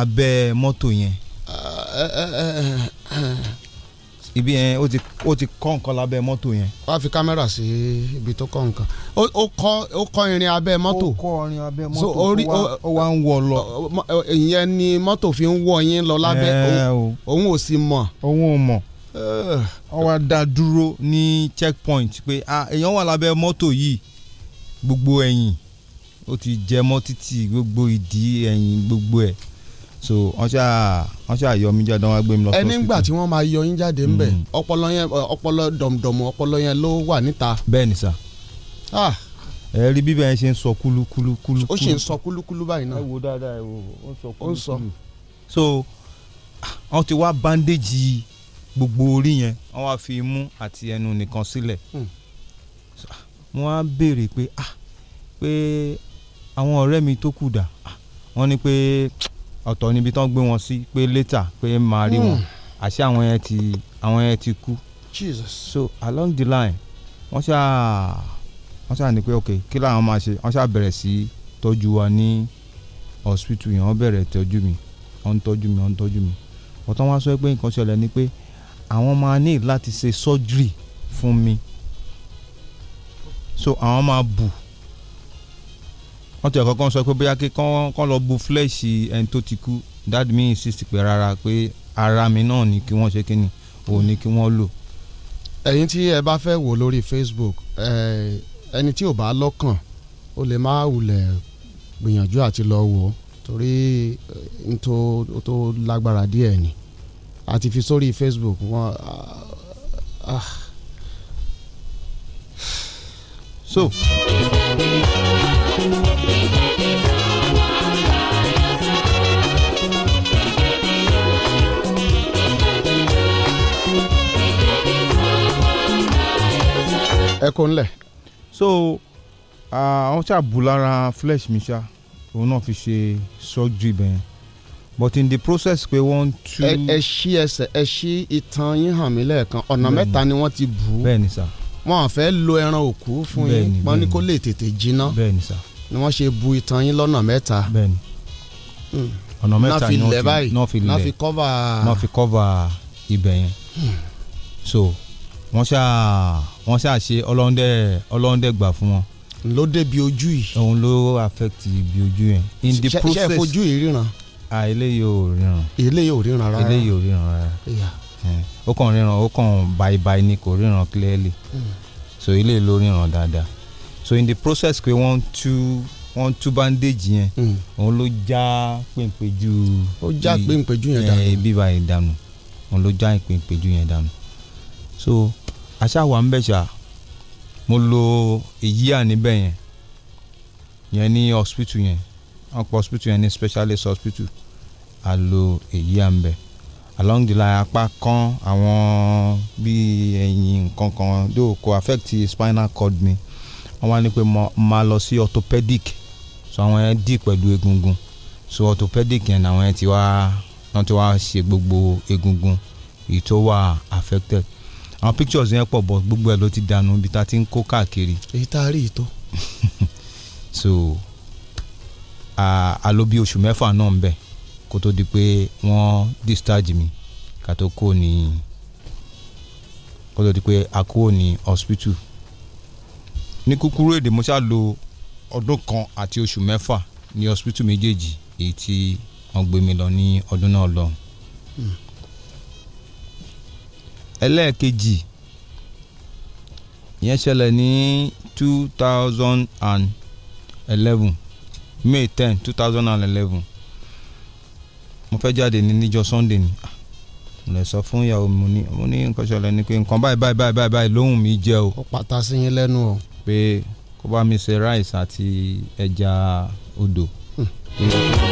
Speaker 7: abẹ́ mọ́tò yẹn. Uh, uh, uh, uh ibi yẹn ó ti ó ti kọ́ nǹkan lábẹ́ mọ́tò yẹn. wọ́n á fi kámẹ́rà sí
Speaker 3: ibi tó kọ́ nǹkan ó kọ́ ó kọ́ irin abẹ́ mọ́tò. ó
Speaker 7: kọ́ irin abẹ́ mọ́tò ó wá ń wọ lọ. ìyẹn ni mọ́tò fi ń wọ yín lọ lábẹ́ òun ò sì mọ̀. òun ò mọ̀ ó wá dá dúró ní checkpoint pé èèyàn wà lábẹ́ mọ́tò yìí gbogbo ẹ̀yìn ó ti jẹ mọ́ títì gbogbo ìdí ẹ̀yìn gbogbo ẹ̀ so wọ́n ṣáà wọ́n ṣáà yọ mí jáde wọ́n á gbé mi lọ. ẹni ngbà
Speaker 3: tí wọ́n máa yọ yín jáde ńbẹ̀ mm. ọpọlọ yẹn ọpọlọ dọ̀mùdọ̀mù ọpọlọ yẹn ló wà níta. bẹ́ẹ̀ni sà ah.
Speaker 7: ẹ rí bíbẹ yẹn ṣe ń sọ kúlúkúlú ó ṣe ń sọ
Speaker 3: kúlúkúlú báyìí náà. ẹ
Speaker 7: wo dáadáa ẹ wo ó ń sọ kúlúkúlú. so wọ́n ti wá bandage gbogbo orí yẹn wọ́n wá fi imú àti ẹnu nìkan sílẹ̀ hmm. wọ́n á béèrè pé ah pé àwọn ọ̀rẹ́ mi tó kù dà ah, wọ́n ní pé. Ah, ọ̀tọ̀ níbi tán gbé wọn sí pé later pé máa rí wọn hmm. àṣé àwọn yẹn ti àwọn yẹn ti kú. Jesus. so along the line wọ́n ṣáà wọ́n ṣáà ní pé ok kí làwọn máa ṣe wọ́n ṣáà bẹ̀rẹ̀ sí tọ́jú wa ní hospital yẹn wọ́n bẹ̀rẹ̀ tọ́jú mi wọ́n tọ́jú mi wọ́n tọ́jú mi ọ̀tọ́ wọn sọ pé nǹkan ṣẹlẹ̀ ni pé àwọn máa ní láti ṣe surgery fún mi so àwọn máa bù wọ́n ti ọ̀kọ̀ọ̀kan sọ pé bóyá kí kán lọ bu flẹ́ẹ̀sì ẹni tó ti kú that means sísì pé rárá pé ara mi náà ni kí wọ́n ṣe kí ni òun ni kí wọ́n lò. ẹ̀yin tí ẹ bá fẹ́ wò lórí Facebook
Speaker 3: ẹni tí ò bá lọ́kàn ó lè má wulẹ̀ gbìyànjú àti lọ wò ó torí n tó lágbára díẹ̀ ni àti fi sórí Facebook wọn. Uh, ah, uh, ah.
Speaker 7: so. ẹ kó ńlẹ̀. so ah, àwọn ṣáà bù lára flesh mi ṣá òun náà fi ṣe surgery bẹ́ẹ̀ but in the process pé wọ́n tú. ẹ
Speaker 3: ṣí ẹsẹ̀ ẹ ṣí itan yín hàn mí lẹ́ẹ̀kan ọ̀nà mẹ́ta ni wọ́n ti bù ú. bẹ́ẹ̀ni sá. wọn à fẹ́ lo ẹran òkú fún yín wọn ni kó lè tètè jiná. bẹ́ẹ̀ni sá. ni wọ́n ṣe bu itan yín lọ́nà mẹ́ta. bẹ́ẹ̀ni hmm.
Speaker 7: ọ̀nà mẹ́ta ni wọ́n fi lẹ̀ báyìí náà fi lẹ̀ náà fi kọ́va ibẹ̀ yẹn hmm. so wọ́n ṣá wọ́n ṣá ṣe ọlọ́ndẹ ọlọ́ndẹ gbà fún wọn. ló dé bi ojú yìí. òun ló affect bi ojú yẹn. in the process ṣe fojú yìí ríran. a eléyìí ò ríran. eléyìí ò ríran rárá. eléyìí ò ríran rárá. ó kàn ríran ó kàn bye ni kò ríran clearly. Mm. so eléyìí ló ríran dáadáa. so in the process pé wọ́n tú wọ́n tú bandage yẹn. Hmm. òun ló já pèǹpéjú. ó já pèǹpéjú yẹn dànù. Eh, bíbá yẹn dànù òun ló já pèǹpéjú yẹn dànù. so aṣáwa ń bẹ̀ ṣá mo lo èyí à níbẹ̀ yẹn yẹn ní hospital yẹn wọn pọ hospital yẹn ní specialist hospital a lo èyí à ń bẹ̀ along the line apá kan àwọn bíi ẹ̀yìn nǹkan kan dó kò affect spinal cord mi wọ́n wá ní pé mo lọ sí orthopedic so àwọn yẹn dì pẹ̀lú egungun so orthopedic yẹn làwọn yẹn ti wá wọ́n ti wá ṣe gbogbo egungun èyí tó wà affected àwọn pictures yẹn pọ̀ bọ̀ gbogbo ẹ̀ ló ti dànù ibi tá a ti ń kó káàkiri. èyí tá a rí ìtọ́. [laughs] so a lò bí oṣù mẹ́fà náà ń bẹ̀ kó tó di pé wọ́n discharge mi ká tó kó ní kó tó di pé a kó ní hospital ní kúkúrú èdè mo ṣáà lò ọdún kan àti oṣù mẹ́fà ní hospital méjèèjì èyí tí wọ́n gbé mi lọ ní ọdún náà lọ. Mm ẹlẹ́ẹ̀kejì ìyẹn ṣẹlẹ̀ ní two thousand and eleven May ten two thousand and eleven mo fẹ́ jáde ní níjọ́ Sunday ni ah, mo lè sọ fún ìyàwó mi ní mo ní nǹkan ṣẹlẹ̀ ni pé nǹkan báyìí báyìí báyìí báyìí lóhùn mi jẹ́ o. ó pàtà sí yín lẹ́nu o. pé kó bá mi ṣe rice àti ẹja odò. Hmm. Mm.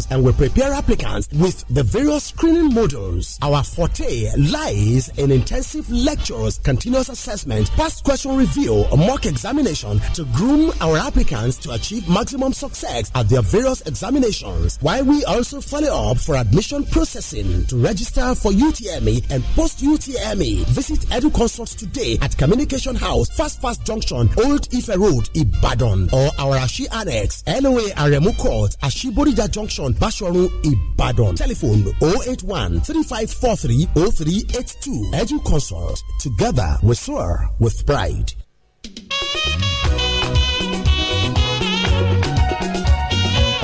Speaker 10: and we prepare applicants with the various screening modules. Our forte lies in intensive lectures, continuous assessment, past question review, mock examination to groom our applicants to achieve maximum success at their various examinations. While we also follow up for admission processing to register for UTME and post UTME, visit EduConsult today at Communication House, Fast Fast Junction, Old Ife Road, Ibadan, or our Ashi Annex, NOA Aremu Court, Ashibodija Junction. junction Bashorun Ibadan. Telephone 081 3543 0382. Edu Consult. Together we soar with pride.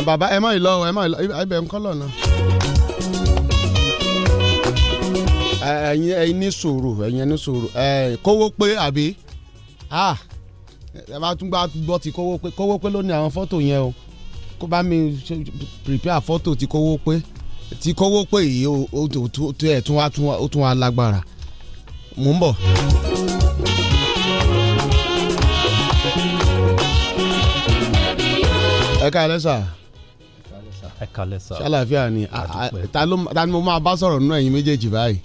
Speaker 3: Baba, ẹ má ìlọ ẹ má ìlọ ibẹ̀ ń kọ́ lọ́nà. ẹ̀yin ẹ̀yin ní sùúrù ẹ̀yin ní sùúrù ẹ̀ kówó pé àbí ah, ẹ bá tún gbọ́ ti kówó pé kówó pé ló ní àwọn fọ́tò yẹn o kó bá mi prepare fọ́tò tí kówó pé tí kówó pé yìí ó tún wá tún wá lágbára mò ń bọ̀. ẹ ká lẹ́sà ẹ ká lẹ́sà ṣàlàfíà ni ta ni mo máa bá sọ̀rọ̀ nínú ẹ̀yin
Speaker 10: méjèèjì báyìí.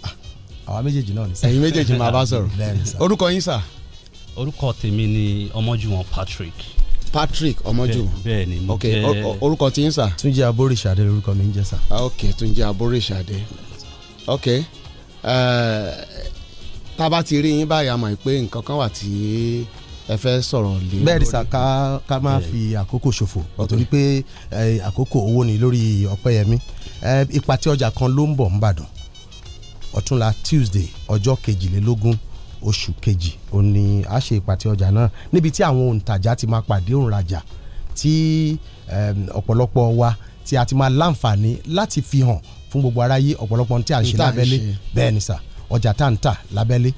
Speaker 10: àwa méjèèjì náà ni
Speaker 2: sá. ẹ̀yin méjèèjì máa bá sọ̀rọ̀
Speaker 8: orúkọ yín sá. orúkọ tèmi ni ọmọjúwọn Patrick Patrick Ọmọjúmọ́ bẹ́ẹ̀ni mo jẹ ok
Speaker 10: orúkọ tí ń sà. Túnjí Aboríṣadé lórúkọ mi ń jẹ sà.
Speaker 8: Ah, ok Túnjí Aboríṣadé
Speaker 3: ok eh, tá a bá ti rí yín báyìí a mọ̀ pé nǹkan kan wà tí ẹ fẹ́ sọ̀rọ̀ lé lórí. bẹ́ẹ̀ni sà ká
Speaker 10: ká máa fi àkókò ṣòfò nítorí pé àkókò owó ni lórí Ọpẹ́yẹmí ìpàtẹ ọjà kan ló ń bọ̀ ń bàdàn ọ̀túnla Tuesday ọjọ́ kejìlélógún oṣù kejì òun ni a ṣe ìpàtẹ ọjà náà níbi tí àwọn òǹtajà ti máa pàdé òǹrajà tí ọ̀pọ̀lọpọ̀ wa tí a ti máa láǹfààní láti fi hàn fún gbogbo aráyé ọ̀pọ̀lọpọ̀ tí a ń ṣe lábẹ́lé bẹ́ẹ̀ ni sà ọjà tá ń tà lábẹ́lé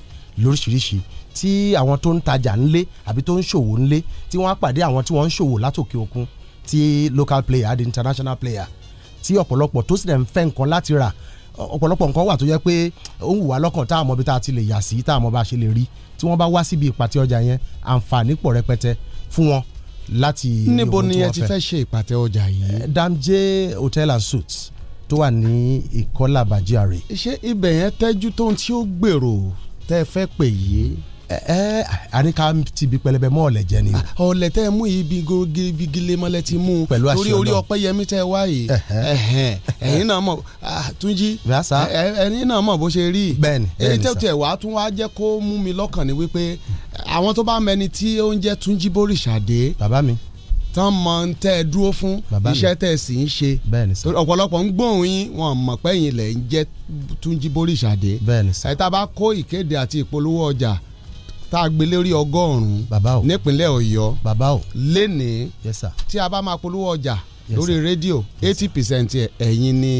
Speaker 10: lóríṣiríṣi tí àwọn tó ń tajà ńlé àbí tó ń ṣòwò ńlé tí wọ́n á pàdé àwọn tí wọ́n ń ṣòwò látòkè òkun tí local player àti international player tí ọ̀pọ̀lọpọ̀ tó sì dẹ̀ ń fẹ́ nǹkan láti rà ọ̀pọ̀lọpọ̀ nǹkan wà tó yẹ pé ó ń wù lọ́kàn tá a tá a ti lè yà sí tá a ṣe lè rí tí wọ́n bá wá síbi ìpàtẹ ọjà yẹn àǹfààní pọ̀ rẹpẹtẹ fún wọn láti níbo ni ẹ ti fẹ́ ṣe ìpàtẹ ọjà yìí. Eh, Damje Hotel and suits tó wà ní ìkọ́lá bàjẹ́ rẹ̀. ṣé ibẹ̀ yẹn tẹ́jú tó tí ó gbèrò tẹ́ fẹ́ pè yìí ẹ àníkà ti bi pẹlẹbẹ mọ ọlẹ jẹ ni. Ah,
Speaker 3: ọlẹ tẹ mú ibi goge ibi gile mọlẹ ti mú. pẹ̀lú àṣẹ Ọlọ́run torí orí ọpẹ yẹmi tẹ wá yìí. ẹ̀yin náà mọ̀ ah, túnjí ẹ̀yin náà mọ̀ bó ṣe rí. bẹ́ẹ̀ni bẹ́ẹ̀ni sá èyí tẹ wàá tún wàá jẹ kó mú mi lọ́kàn ni wípé àwọn tó bá mẹni tí ó ń jẹ túnjí bórìṣàdé. bàbá mi tán mọ ń tẹ ẹ dúró fún iṣẹ́ tẹ ẹ sì ń ṣe ọ̀pọ̀lọpọ̀ ń gbóhùn yín tá a gbé lórí ọgọ́rùn-ún nípínlẹ̀ ọ̀yọ́ lénìí tí a bá máa polówó ọjà lórí rédíò eighty percent ẹ̀yin ni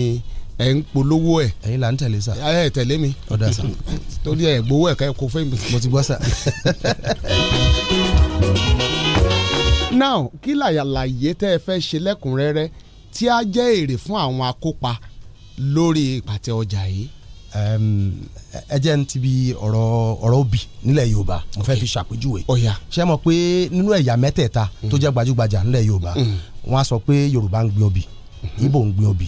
Speaker 3: ẹ ń polówó ẹ. ẹ̀yin là ń tẹ̀lé sa. ẹ tẹ̀lé mi. ọ̀dà sa. [laughs] torí ẹ gbowó ẹ ká ẹ kó fẹ́ mi. mo ti gbọ́ sa. [laughs] now kí làyàlàyé tẹ́ ẹ fẹ́ ṣe lẹ́kùnrẹ́rẹ́ tí a jẹ́ èrè fún àwọn akópa
Speaker 10: lórí ìpàtẹ ọjà yìí ẹ jẹ́ ní ti bi ọ̀rọ̀ ọ̀rọ̀ òbí nílẹ̀ yorùbá mo fẹ́ fi ṣàpèjúwe ṣé mọ̀ pé nínú ẹ̀yà mẹ́tẹ̀ẹ̀ta mm-hmm. tó jẹ́ gbajúgbajà nílẹ̀ yorùbá mm-hmm. wọ́n á sọ pé yorùbá ń gbin obì ibo mm-hmm. ń gbin obì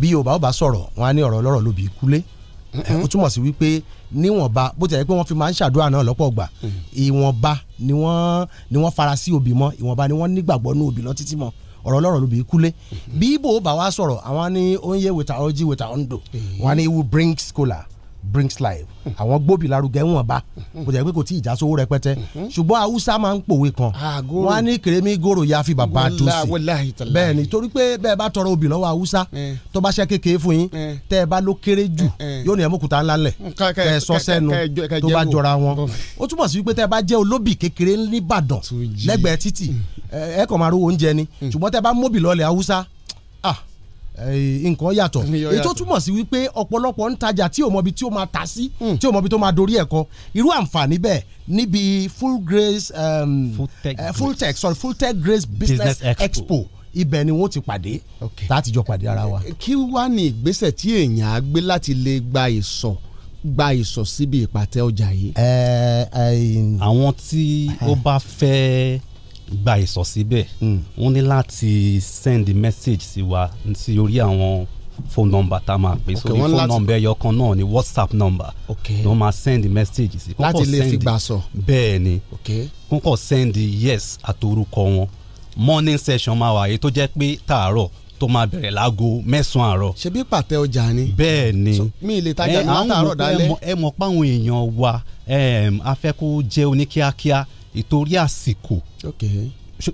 Speaker 10: bí yorùbá ó bá sọ̀rọ̀ wọ́n á ní ọ̀rọ̀ ọlọ́rọ̀ lóbi kúlé ó túmọ̀ sí wípé níwọ̀nba bó ti yẹ pé wọ́n fi máa ń ṣàdúrà náà lọ́pọ̀ gbà ìwọ̀nba ni wọ́n ni wọ́n fara sí obì mọ́ ìwọ̀nba ni wọ́n nígbàgbọ́ ní obì lọ títí mọ́ ọ̀rọ̀ ọlọ́rọ̀ ló bí kúlé bí ibo bá wa sọ̀rọ̀ àwọn ní oúnjẹ wìtà ọjí wìtà ọ̀ndò wọn ni who bring scholar brings life àwọn gbòbí larugẹ wọn bá kò jẹ́ pé kò tí ìjà sówó rẹpẹtẹ ṣùgbọ́n haúsá máa ń pòwe kan ah, wọn á ní kèrèmí gòrò ya fi bàbá tó sí bẹ́ẹ̀ ni torí pé bẹ́ẹ̀ bá tọrọ obì lọ́wọ́ haúsá eh. tó bá ṣe kékeré fún yín eh. tẹ́ ẹ bá ló kéré jù eh. yóò ní ẹmúkúta ńlá lẹ̀ mm, kẹ́ ẹ sọ sẹ́nu tó bá jọra wọn oh. ó túmọ̀ sí pé tẹ́ ẹ bá jẹ́ olóbì kékeré níbàdàn lẹ́gbẹ̀ẹ́ títì mm. ẹ máa rówó oúnjẹ ni mm. ṣùgbọ́n tẹ́ ẹ bá móbì lọ́lẹ̀ ah Eh, nǹkan yàtọ̀ èyí tó túmọ̀ sí wípé ọ̀pọ̀lọpọ̀ ń tajà tí ò mọbi tí ó máa ta sí hmm. tí ò mọbi tó máa dorí ẹ̀ irú àǹfààní bẹ́ẹ̀ níbi full grace um, full tech, uh, eh, full tech sorry full tech grace business, expo. expo ibẹ̀ ni wọ́n ti pàdé tá a ti jọ pàdé ara wa. Eh, kí wàá ní ìgbésẹ̀ tí èèyàn á gbé láti lè gba ìsọ̀ gba ìsọ̀ síbi ìpàtẹ ọjà yìí. àwọn tí ó
Speaker 8: bá fẹ́ẹ́ gba ìsọ̀ síbẹ̀ wọ́n hmm. ní láti send message sí wa sí orí àwọn phone number tá a máa pè sórí phone number ẹyọ kan náà ni whatsapp number ni wọ́n máa send message sí. láti lè fi gbà sọ. bẹ́ẹ̀ ni wọ́n kàn send yes àtorúkọ wọn morning session máa wáyé tó jẹ́ pé tààrọ̀ tó máa bẹ̀rẹ̀ láago mẹ́sàn-án àárọ̀. ṣebí pàtẹ ọjà ni. bẹ́ẹ̀ ni mi
Speaker 3: lè tajà ní látàárọ̀ dálẹ́.
Speaker 8: ẹ mọ̀ páwọn èèyàn wa a kó jẹ́ oníkíákíá ìtorí àsìkò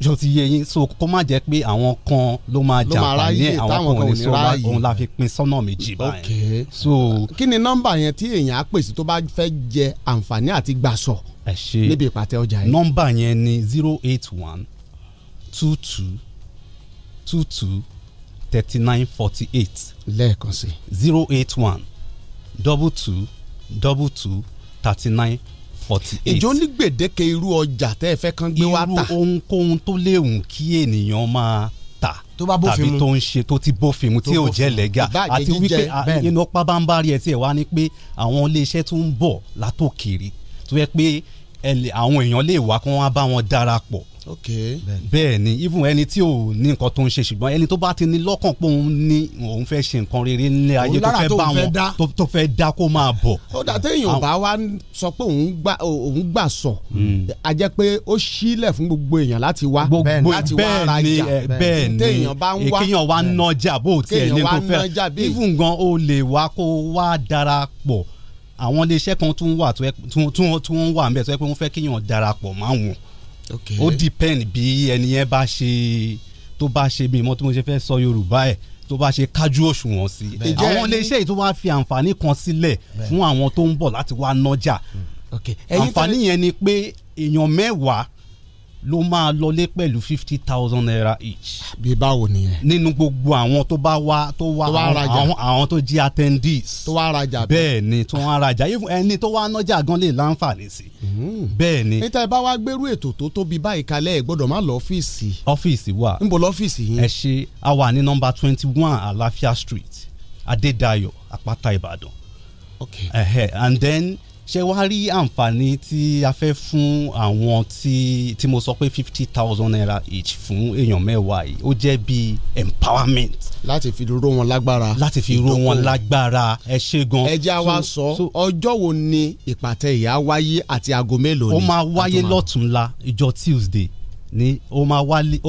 Speaker 8: ṣo ti yé yín so kó má jẹ́ pé àwọn kan ló máa jàǹfààní ẹ̀ àwọn kan ò ní sọ òun la fi pín sọ́nà méjì
Speaker 3: báyìí.
Speaker 8: so kí ni
Speaker 3: nọ́mbà yẹn tí èèyàn á pèsè tó bá fẹ́ jẹ àǹfààní àti gbàsọ níbi ìpàtẹ ọjà yẹn.
Speaker 8: nọ́mbà yẹn ni zero eight one two two two two thirty nine forty eight. lẹ́ẹ̀kan sí. zero eight one double two double two thirty nine forty eight. ìjọ ní
Speaker 1: gbèdéke irú
Speaker 8: ọjà tẹ́ ẹ fẹ́ kán gbé wá ta. irú ohunkóhun tó léwu kí ènìyàn máa ta tàbí tó ń ṣe tó ti bófin mu tí ò jẹ́ lẹ́gà àti wípé inú ọpá bá ń bá rí ẹ tí ẹ wá ní pé àwọn iléeṣẹ́ tó ń bọ̀ látòkèrè tó yẹ pé àwọn èèyàn lè wá kí wọ́n bá wọn darapọ̀ bẹ́ẹ̀ ni even ẹni tí ò ní nǹkan tó ń ṣe ṣùgbọ́n ẹni tó bá ti ní lọ́kàn pé òun ní òun fẹ́ ṣe nǹkan rere ní ayé tó fẹ́ bá wọn tó fẹ́ dá kó máa bọ̀. kódà téèyàn bá wá sọ pé òun gbà sọ hmm. a jẹ́ pé ó sílẹ̀ fún gbogbo èèyàn láti wá láti wá ara jà bẹ́ẹ̀ ni téèyàn bá ń wá kéèyàn wá nájà bó tiẹ̀ ní tó fẹ́ even gan o lè wá kó wá darapọ̀ àwọn iléeṣẹ́ kan tún wà tó ń wà ń bẹ̀ tó yẹ pé wọ́n fẹ́ kéèyàn darapọ̀ máwọn ó depend bí ẹni yẹn bá ṣe tó bá ṣe bí ìmọ̀ mo ṣe fẹ́ sọ Yorùbá ẹ̀ tó bá ṣe kájú òṣùwọ̀n sí i àwọn iléeṣẹ́ yìí tó wá fi àǹfààní kan sílẹ̀ fún àwọn tó ń bọ̀ láti wá nájà hmm. àǹfààní yẹn ni pé èèyàn mẹ́wàá ló máa lọlé pẹ̀lú fifty thousand naira each. bí báwo nìyẹn. nínú gbogbo àwọn tó bá wá tó wá àwọn àwọn tó jí attendees. tó wá rajà bẹ́ẹ̀ ni tó wá rajà ẹni tó wá nájà gan lè láǹfààní sí. Hmm. bẹ́ẹ̀ ni. níta ẹ bá wá gbèrú ètò tó tóbi báyìí kalẹ̀ ẹ gbọ́dọ̀ má lọ ọ́fíìsì. ọ́fíìsì wà. ń bọ̀ lọ́fíìsì yín. ẹ ṣe a wà ní nọmba twenty one Àlàáfíà street Adédayọ̀ Àpáta Ìbàdàn. okay. Uh, and then ṣé wàá rí àǹfààní tí a fẹ́ fún àwọn tí tí mo sọ pé fifty thousand naira each fún èèyàn mẹ́wàá yìí ó jẹ́ bíi empowerment. láti fi ró wọn lágbára. láti fi ró wọn lágbára ẹ ṣe gan. ẹ jẹ́ àwa sọ ọjọ́ wo ni ìpàtẹ ìyá wáyé àti aago mélòó ni. ó máa wáyé lọ́tùnla ìjọ tuesday ni ó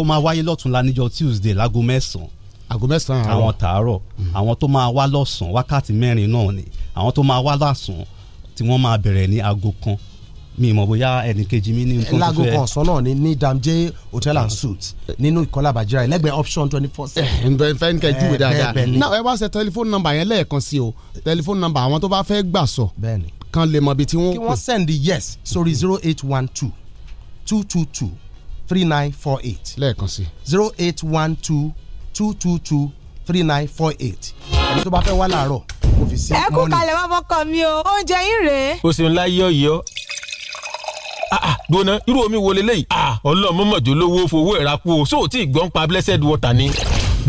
Speaker 8: máa wáyé lọ́tùnla níjọ tuesday láago mẹ́sàn-án aago mẹ́sàn-án àwọn tàárọ̀ mm-hmm. àwọn tó máa wá lọ́sàn-án wákàtí mẹ́rin náà ni àwọn tó máa wá lọ́sàn tí wọ́n máa bẹ̀rẹ̀ ní aago kan mi mọ̀ bóyá ẹnì kejì mi ní nǹkan tó fẹ́. láago kan ọ̀sán náà ni ní damje hotel and suites nínú ìkọlà àbájára lẹ́gbẹ̀ẹ́ option twenty four
Speaker 10: seven. Eh, ẹ fẹ́ ní kẹ́ júwe eh, dáadáa náà ẹ wá ṣe tẹlifóònù nọ́mbà yẹn lẹ́ẹ̀kan sí o tẹlifóònù nọ́mbà àwọn tó bá fẹ́ gbà sọ kan lè mọ ibi tí wọ́n. kí wọ́n send yes Sorry. zero eight one two two two two three nine four eight. lẹ́ẹ̀kan sí. zero eight one two two two two three nine four eight àbí tó bá fẹ́ wá làárọ̀ kò fi sí. ẹ kú kalẹ̀
Speaker 2: wá
Speaker 8: fọkọ mi o oúnjẹ yín rèé.
Speaker 5: o ṣeun láyé ọyọ gbóná ah, ah, irú omi wo leléyìí ah, ọlọ́mọ lówó fowó ẹ̀rá kú o sóòtì ìgbọ́n pa blessed water ni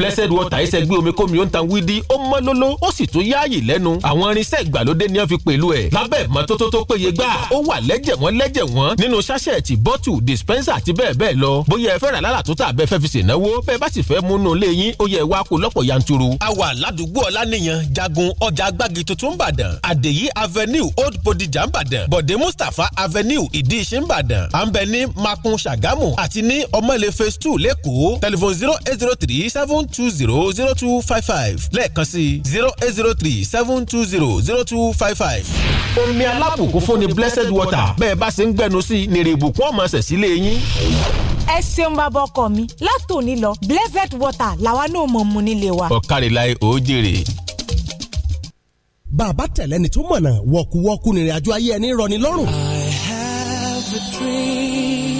Speaker 5: blessed water ẹsẹ̀ gbé omi kómi ó ń tan wídí ó mọ́ lóló ó sì tún yáàyè lẹ́nu àwọn irinṣẹ́ ìgbàlódé ni wọ́n fi pẹ̀lú ẹ̀ lábẹ́ ìmọ́tótó tó péye gbà ó wà lẹ́jẹ̀ wọ́n lẹ́jẹ̀ wọ́n nínú sachet bottle dispenser àti bẹ́ẹ̀ bẹ́ẹ̀ lọ bóyá ẹ fẹ́ rà lálà tó tà bẹ́ẹ̀ fẹ́ fi ṣènáwó bẹ́ẹ̀ bá sì fẹ́ múnú lé yín ó yẹ wá kó lọ́pọ̀ yanturu. a wà ládùúgbò ọláníyàn jagun ọjà agbági tuntun bàdàn àdèyí avenue old bodija nbàdàn bọ̀dé mustapha avenue ìdí ìṣin nbàdàn à ń bẹ ní makun ṣàgámù àti ní ọmọlé phase two lẹ́kọ̀ọ́ telephone zero eight zero three seven two zero zero two five five lẹ́ẹ̀kan sí zero eight zero three seven two zero zero two five five. omi alábùkún fún ni blessed water bẹ́ẹ̀ bá ṣe ń gbẹnu sí i nírè ìbùkún ọmọ ṣẹ̀ sílé yín
Speaker 7: ẹ ṣeun bàbá ọkọ mi látòní lọ blessed water làwa náà mọ̀ mu nílé wa.
Speaker 5: ọ̀kàrìláì ó jèrè.
Speaker 7: bàbá tẹ̀lẹ́ ni
Speaker 10: tó mọ̀nà wọ̀kúwọ́kú nírìn àjò ayé ẹni rọ̀ ní lọ́rùn. I
Speaker 2: have a
Speaker 5: dream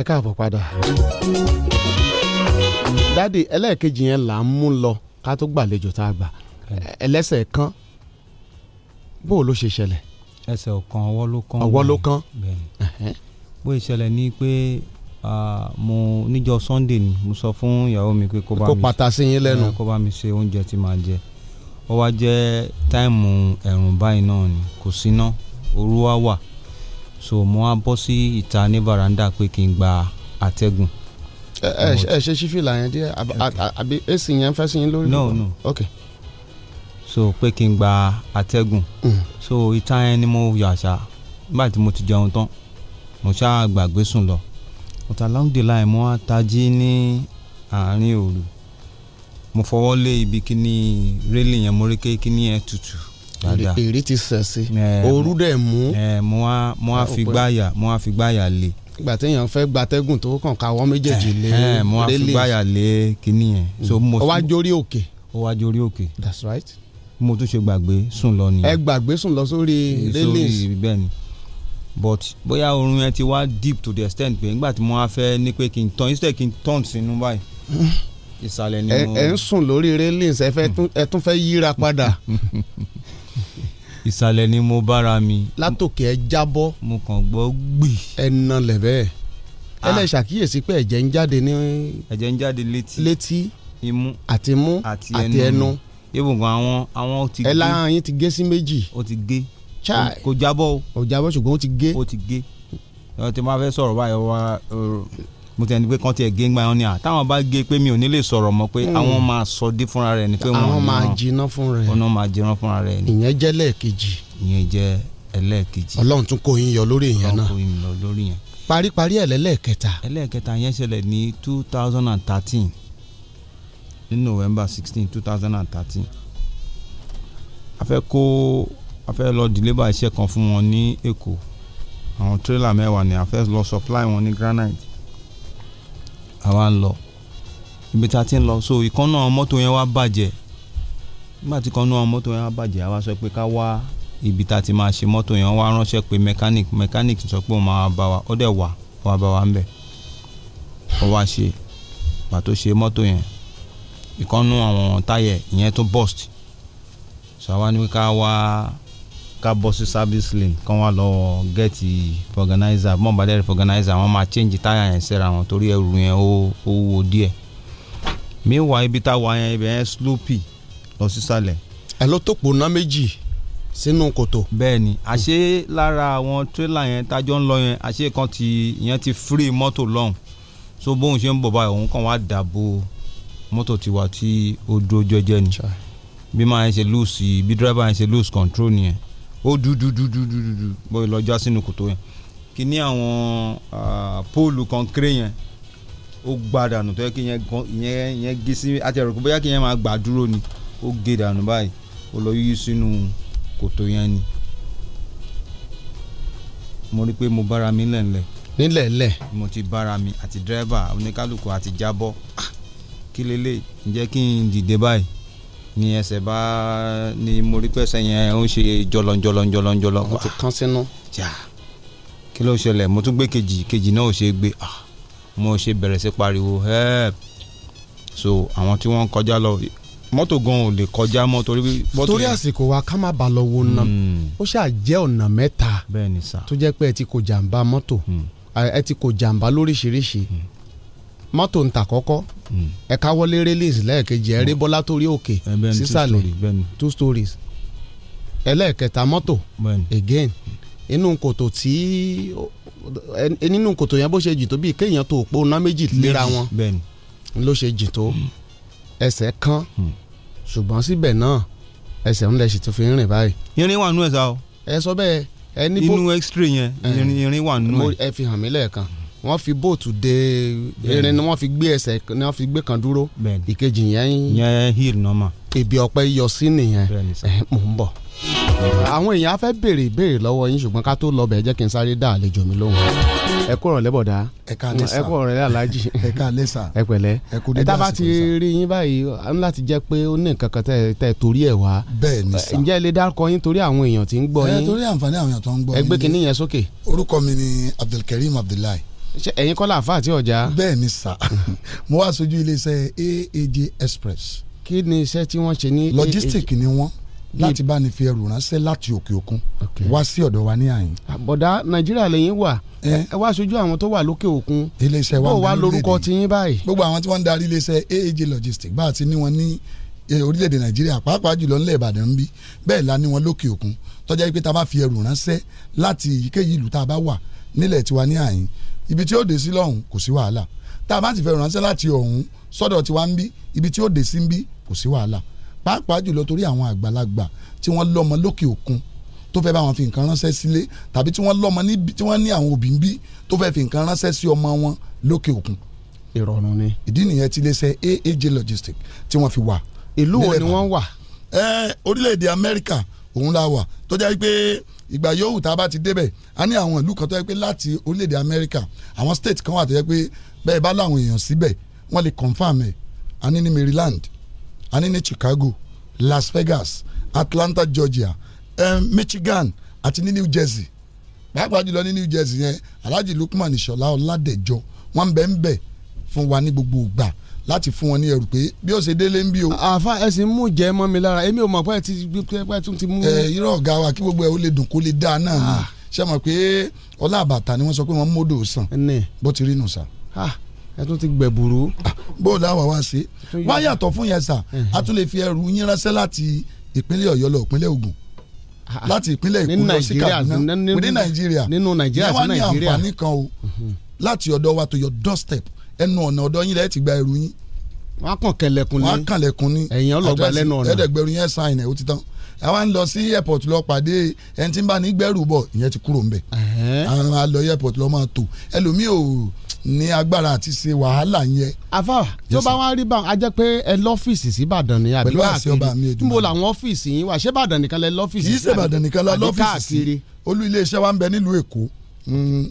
Speaker 3: ẹ káàbọ̀ padà. dáàdi ẹlẹ́ẹ̀kejì yẹn là ń mú lọ ká tó gbàlejò tá a gbà ẹlẹ́sẹ̀ kan bó o ló ṣe ṣẹlẹ̀. ẹsẹ̀ ọ̀kan ọwọ́ ló kán. ọwọ́ ló kán.
Speaker 7: bó ìṣẹ̀lẹ̀ ni pé mo níjọ́ sunday ni mo sọ fún ìyàwó mi pé kó bá mi kó pata sí yín lẹ́nu kó bá mi ṣe oúnjẹ tí màá jẹ ó wá jẹ́ táìmù ẹ̀rùn báyìí náà ni kò síná òru wá wà so mo wá bọ́ sí ìta ní baranda pé kí n gba atẹ́gùn. ẹ ẹ ṣe ṣí fìlà yẹn díẹ̀ àbí èsì yẹn fẹ́ sí yín lórí. no no ok. so pé kí n gba atẹ́gùn mm. so ìta yẹn ni mo yọ àṣà nígbà tí mo ti jẹun tán mo ṣáà gbàgbé sùn lọ but along the line mo wá tají ní àárín òru mo fọwọ́ lé ibi kíní rélì yẹn mo rí ké kíní ẹ̀ tutù èrè
Speaker 3: ti sẹ̀ sí ooru
Speaker 7: dẹ̀ mú. mo á fi gbáyà mo á fi gbáyà lé.
Speaker 3: ìgbà téèyàn fẹ́ gbatẹ́gùn tó kàn káwọ́ méjèèjì lé. mo á fi gbáyà
Speaker 7: lé kinní yẹn. Mm. ó wá jórí òkè. ó wá jórí òkè. that's right. mo tún ṣe gbàgbé sùn lọ nìyẹn. ẹ gbàgbé sùn lọ sórí railings. Eh, sórí bẹ́ẹ̀ but bóyá oorun yẹn ti wá deep to the extent pé nígbà tí mo á fẹ́ ní pé kí n turn instead kí n turn sínú báyìí mm. ìsàlẹ̀ ni mo. ẹ ń sùn
Speaker 3: lórí railings ẹ tún fẹ́ yíra padà [laughs] ìsàlẹ̀ ni mo bára mi. látòkè ẹ jábọ́. mo kàn gbọ́ gbì. ẹnà lẹ̀bẹ̀ ah. ẹ lè ṣàkíyèsí pé ẹ̀jẹ̀ ń jáde ní.
Speaker 7: ẹ̀jẹ̀ ń jáde létí. létí imú àti imú àti ẹnu. ibùgbọ́n àwọn àwọn ti gé. ẹ lára yín ti gé sí méjì. ó ti gé. chai kò jábọ́ o. kò jábọ́ ṣùgbọ́n ó ti gé. ó ti gé. ẹ ti máa fẹ́ sọ̀rọ̀ báyìí wá mo tẹ̀ ní pé kán tiẹ̀ gé ń gbà yán ni à táwọn bá gé pé mi ò ní lè sọ̀rọ̀ mọ́ pé hmm. àwọn máa sọ dé fúnra rẹ̀ ni pé wọ́n àwọn máa jiná fúnra rẹ̀ ọ̀nà máa jiná fúnra rẹ̀ ni. ìyẹn jẹ́ lẹ́ẹ̀kejì. ìyẹn jẹ́ ẹlẹ́ẹ̀kejì. ọlọ́run tún kó yín yọ lórí ìyẹn náà ọlọ́run kó yín yọ lórí ìyẹn. paríparí ẹ̀ lẹ́lẹ́ẹ̀kẹta. ẹlẹ́ẹ̀kẹta yẹn ṣẹlẹ̀ ní two thousand and thirteen ní November sixteen two thousand and thirteen a fẹ́ kó a fẹ́ lọ deliver iṣẹ́ kan ni a fẹ́ supply wọn granite àwa ń lọ ibi tá a ti ń lọ so ìkànnà mọ́tò yẹn wá bàjẹ́ nígbà tí ìkànnà mọ́tò yẹn wá bàjẹ́ àwa sọ pé ká wá ibi tá a ti máa ṣe mọ́tò yẹn wá ránṣẹ́ pé mechanic mechanic sọ pé òun máa bá wa ó dẹ̀ wà wà bá wa ń bẹ̀ ó wá ṣe pàtó ṣe mọ́tò yẹn ìkànnà àwọn táyẹ̀ ìyẹn tó burst so àwa ní ká wá. Wa ká bọ́ sí service lane kán wá lọ gẹ́ẹ̀tì fọgànáìzà mọ̀ organizer, dẹ́rẹ́ wọn máa change táyà yẹn síra wọn torí ẹrù yẹn ó wúwo díẹ̀ meanwhile ibi tá a wà yẹn ibẹ̀ yẹn sloopy lọ sísàlẹ̀. ẹ ló tó pòná méjì sínú kòtò. bẹ́ẹ̀ni àṣé lára àwọn tírélà yẹn tájọ ń lọ yẹn àṣé kan ti yẹn ti free mọ́tò lọ́hùn so bóun ṣe ń bọ̀ báyìí òun kàn wá dàbò mọ́tò tiwa tí ó dúró jẹ́jẹ́ ni bí máa ń ṣe lose bí dírẹ́bà ń ṣe lose control nìyẹn ó dúdúdúdúdúdú bó lọ já sínú kòtò yẹn kí ní àwọn póòlù kọ̀ǹkéré yẹn ó gbá dànù tó yẹ kí yẹn gé sí àti ẹ̀rọ kó bóyá kí yẹn máa gbà dúró ni ó gé dànù báyìí ó lọ yí sínú kòtò yẹn ni mo rí i pé mo bára mi lẹ́nlẹ̀. nílẹ̀ lẹ̀. mo ti bára mi àti dírẹ́bà oníkálukú àti jábọ́ ah! kí lélẹ̀ ǹjẹ́ kí n dìde báyìí ni ẹsẹ̀ bá ni mo rí pé ẹsẹ̀ yẹn ó ń ṣe jọlọjọlọ jọlọjọlọ. mo ti kán sínú. kí ló ṣẹlẹ̀ mo tún gbé kejì kejì náà ò ṣe gbé ah, mo ṣe bẹ̀rẹ̀ sí pariwo help so àwọn tí wọ́n ń kọjá lọ mọ́tò gan ò lè kọjá mọ́ torí mọ́tò yẹn. torí
Speaker 3: àsìkò wa ká má ba lọ wo ná hmm. ó ṣáà jẹ́ ọ̀nà mẹ́ta tó jẹ́ pé ẹ ti kò jàǹbá mọ́tò hmm. ẹ ti kò jàǹbá lóríṣiríṣi. Hmm mọ́tò ń tà kọ́kọ́ hmm. ẹ̀ka wọlé release lẹ́ẹ̀kejì ẹ̀rí hmm. bọ́lá torí òkè eh, sísàlẹ̀ two stories ẹlẹ́ẹ̀kẹta mọ́tò again inú kòtò tí nínú kòtò yẹn bó ṣe jìn tó bíi kéèyàn tó òpó ná méjì léra wọn ló ṣe jìn tó hmm. ẹsẹ̀ kan ṣùgbọ́n síbẹ̀ náà ẹsẹ̀ ńlẹ̀ sì ti fi ń rìn báyìí. irin wà nù ẹ̀ sá o. ẹ sọ bẹ́ẹ̀ ẹ ní bó inú x-ray yẹn eh. irin wà nù ẹ̀. ẹ fi hàn mí lẹ́ẹ̀kan wọ́n fi bóòtù de irin ni wọ́n fi gbé ẹsẹ̀ ni wọ́n fi gbé kan dúró ìkejì yẹn yẹn hill nọmọ ibi ọ̀pẹ yọ sí nìyẹn mò ń bọ̀. àwọn èèyàn á fẹ́ béèrè ìbéèrè lọ́wọ́ yín ṣùgbọ́n ká tó lọ bẹ̀ jẹ́ kí n sáré dá àlejò mi lóhùn. ẹ kú ọ̀rọ̀ lẹ́bọ̀dá ẹ ká lẹ́sà ẹ kú ọ̀rọ̀ lẹ́ alájì ẹ ká lẹ́sà
Speaker 1: pẹ̀lẹ́ ẹ tá ti
Speaker 3: rí yín báyìí láti jẹ́ pé ó ní nǹkan kan tẹ́ torí ẹ̀ wá. ni sà ǹjẹ́ ilé dárúkọ yín torí àwọn èèyàn tí ń gbọ́ yín.
Speaker 1: ẹ gbé kinní yẹn sókè. orúkọ mi ni Abdulkareem Abdullahi ṣe ẹ̀yin kọ́ làáfà àti ọ̀já. bẹ́ẹ̀ ni sà [laughs] mo wá sójú iléeṣẹ́ aaj express. kí ni iṣẹ́ tí wọ́n ṣe ní. logistic ni wọ́n láti bá ní fi ẹrù ránṣẹ́ láti òkè òkun wá sí ọ̀dọ̀ wa ní àyìn. àbọ̀dá nàìjíríà lẹ́yìn wà ẹ wá sójú àwọn tó wà lókè òkun iléeṣẹ́ wa bó wa lórúkọ tiyín báyìí. gbogbo àwọn tí wọ́n ń darí iléeṣẹ́ aaj logistic bá a ti ní wọn ní orílẹ̀-èdè nàìjíríà pàápàá jùlọ ńlẹ̀ ìbàdàn ń bí bẹ́ẹ̀ la ní wọn lókè òkun tọ́jà pé tá a bá fi ẹrù ránṣẹ́ láti èyíkéyìí ìlú tá a bá wà nílẹ̀ tiwa ní àyìn ibi tí ó dé sí lọ́hùn kò sí wàhálà tá a bá ti fẹ́ ránṣẹ́ láti ọ̀hún sọ́dọ̀ tiwa ń bí ibi tí ó dé sí ń bí kò sí wàhálà pàápàá jùlọ torí àwọn àgbàlagbà tí wọ́n lọ́mọ lókè òkun tó fẹ́ bá wọn fi nǹkan ránṣẹ́ sílé tàbí tí wọ́n lọ́mọ níbi tí wọ́n ní àwọn òbí ń bí tó fẹ́ fi nǹkan ránṣẹ́ sí ọmọ wọn lókè òkun. ìrọ̀rùn ni. ìdí nìyẹn ti lè ṣe AAJ Logistics tí wọ́n fi wà. ìlú wo ni wọ́n wà. ẹ orílẹ̀-èdè Amẹ́ríkà òun la wà tó jẹ́ pé ìgbà yòówù tá a bá ti débẹ̀ a ní àwọn ìlú kan tó yẹ pé láti orílẹ̀-èdè Amẹ́ríkà àwọn state kan wà tó yẹ pé bẹ́ẹ̀ bá láwọn èèyàn síbẹ̀ wọ́n lè confam ẹ̀ a ní ní Maryland a ní ní Chicago Las Vegas Atlanta Georgia um, Michigan àti ní New Jersey pàápàá jùlọ ní New Jersey yẹn Alhaji Lukman Ìṣọ̀lá Ọládẹ̀jọ wọ́n ń bẹ ń bẹ fún wa ní gbogbo ìgbà láti fún wọn ní ẹrù pé bí ó ṣe délé ń bí o. àfa ẹsìn mú jẹ mọ́ mi lára èmi ò mọ̀ pé ti pé tún ti mú. ẹ irọ́ ọ̀gá wa kí gbogbo ẹ̀ ó lè dùn kó lè dáa náà ni ah. ṣé mọ̀ pé ọlá àbàtà ni wọ́n sọ pé wọ́n mọ́dọ̀ sàn bó ti rí nù sàn. Ah, ẹ tún ti gbẹ̀bùrú. Ah, bó o láwàá wá sí wá yàtọ̀ fún yẹn sà a tún lè fi ẹrù yín ránṣẹ́ láti ìpínlẹ̀ ọ̀yọ́ lọ ìpínlẹ̀ ògùn láti ìpínlẹ̀ èkó lọ sí kaduna láti ọ̀dọ̀ wa to your doorstep ẹnu ọ̀nà ọ̀dọ̀ yín lẹ́yìn ti gba ẹrù yín wọ́n á kàn kẹlẹ̀kùn ni wọ́n á kànlẹ̀kùn ni ẹ̀yìn ọlọ́gba lẹ́nu ọ̀nà ẹ̀ẹ́dẹ̀gbẹ̀rún yẹn sáìn ẹ̀ ó ti tán àwa ń lọ sí airport lọ pàdé ẹni tí ń bá ní gbẹ́rù bọ̀ ìyẹn ti kúrò ńbẹ̀ àwọn àlọ airport lọ máa tò ẹlòmíì ò ní agbára àti ṣe wàhálà yẹn. afa tí ó bá wá rí báwọn a jẹ́ pé ẹ lọ́fíìsì sí Ìbàdàn ni àbí káàkiri níbo làwọn ọ́fíìsì
Speaker 3: yín wà ṣé Ìbàdàn nìkan lẹ lọ́fíìsì sí àbí káàkiri. kì í ṣe Ìbàdàn nìkan lọ lọ́fíìsì sí
Speaker 1: olú iléeṣẹ́ wa ń bẹ nílùú mm.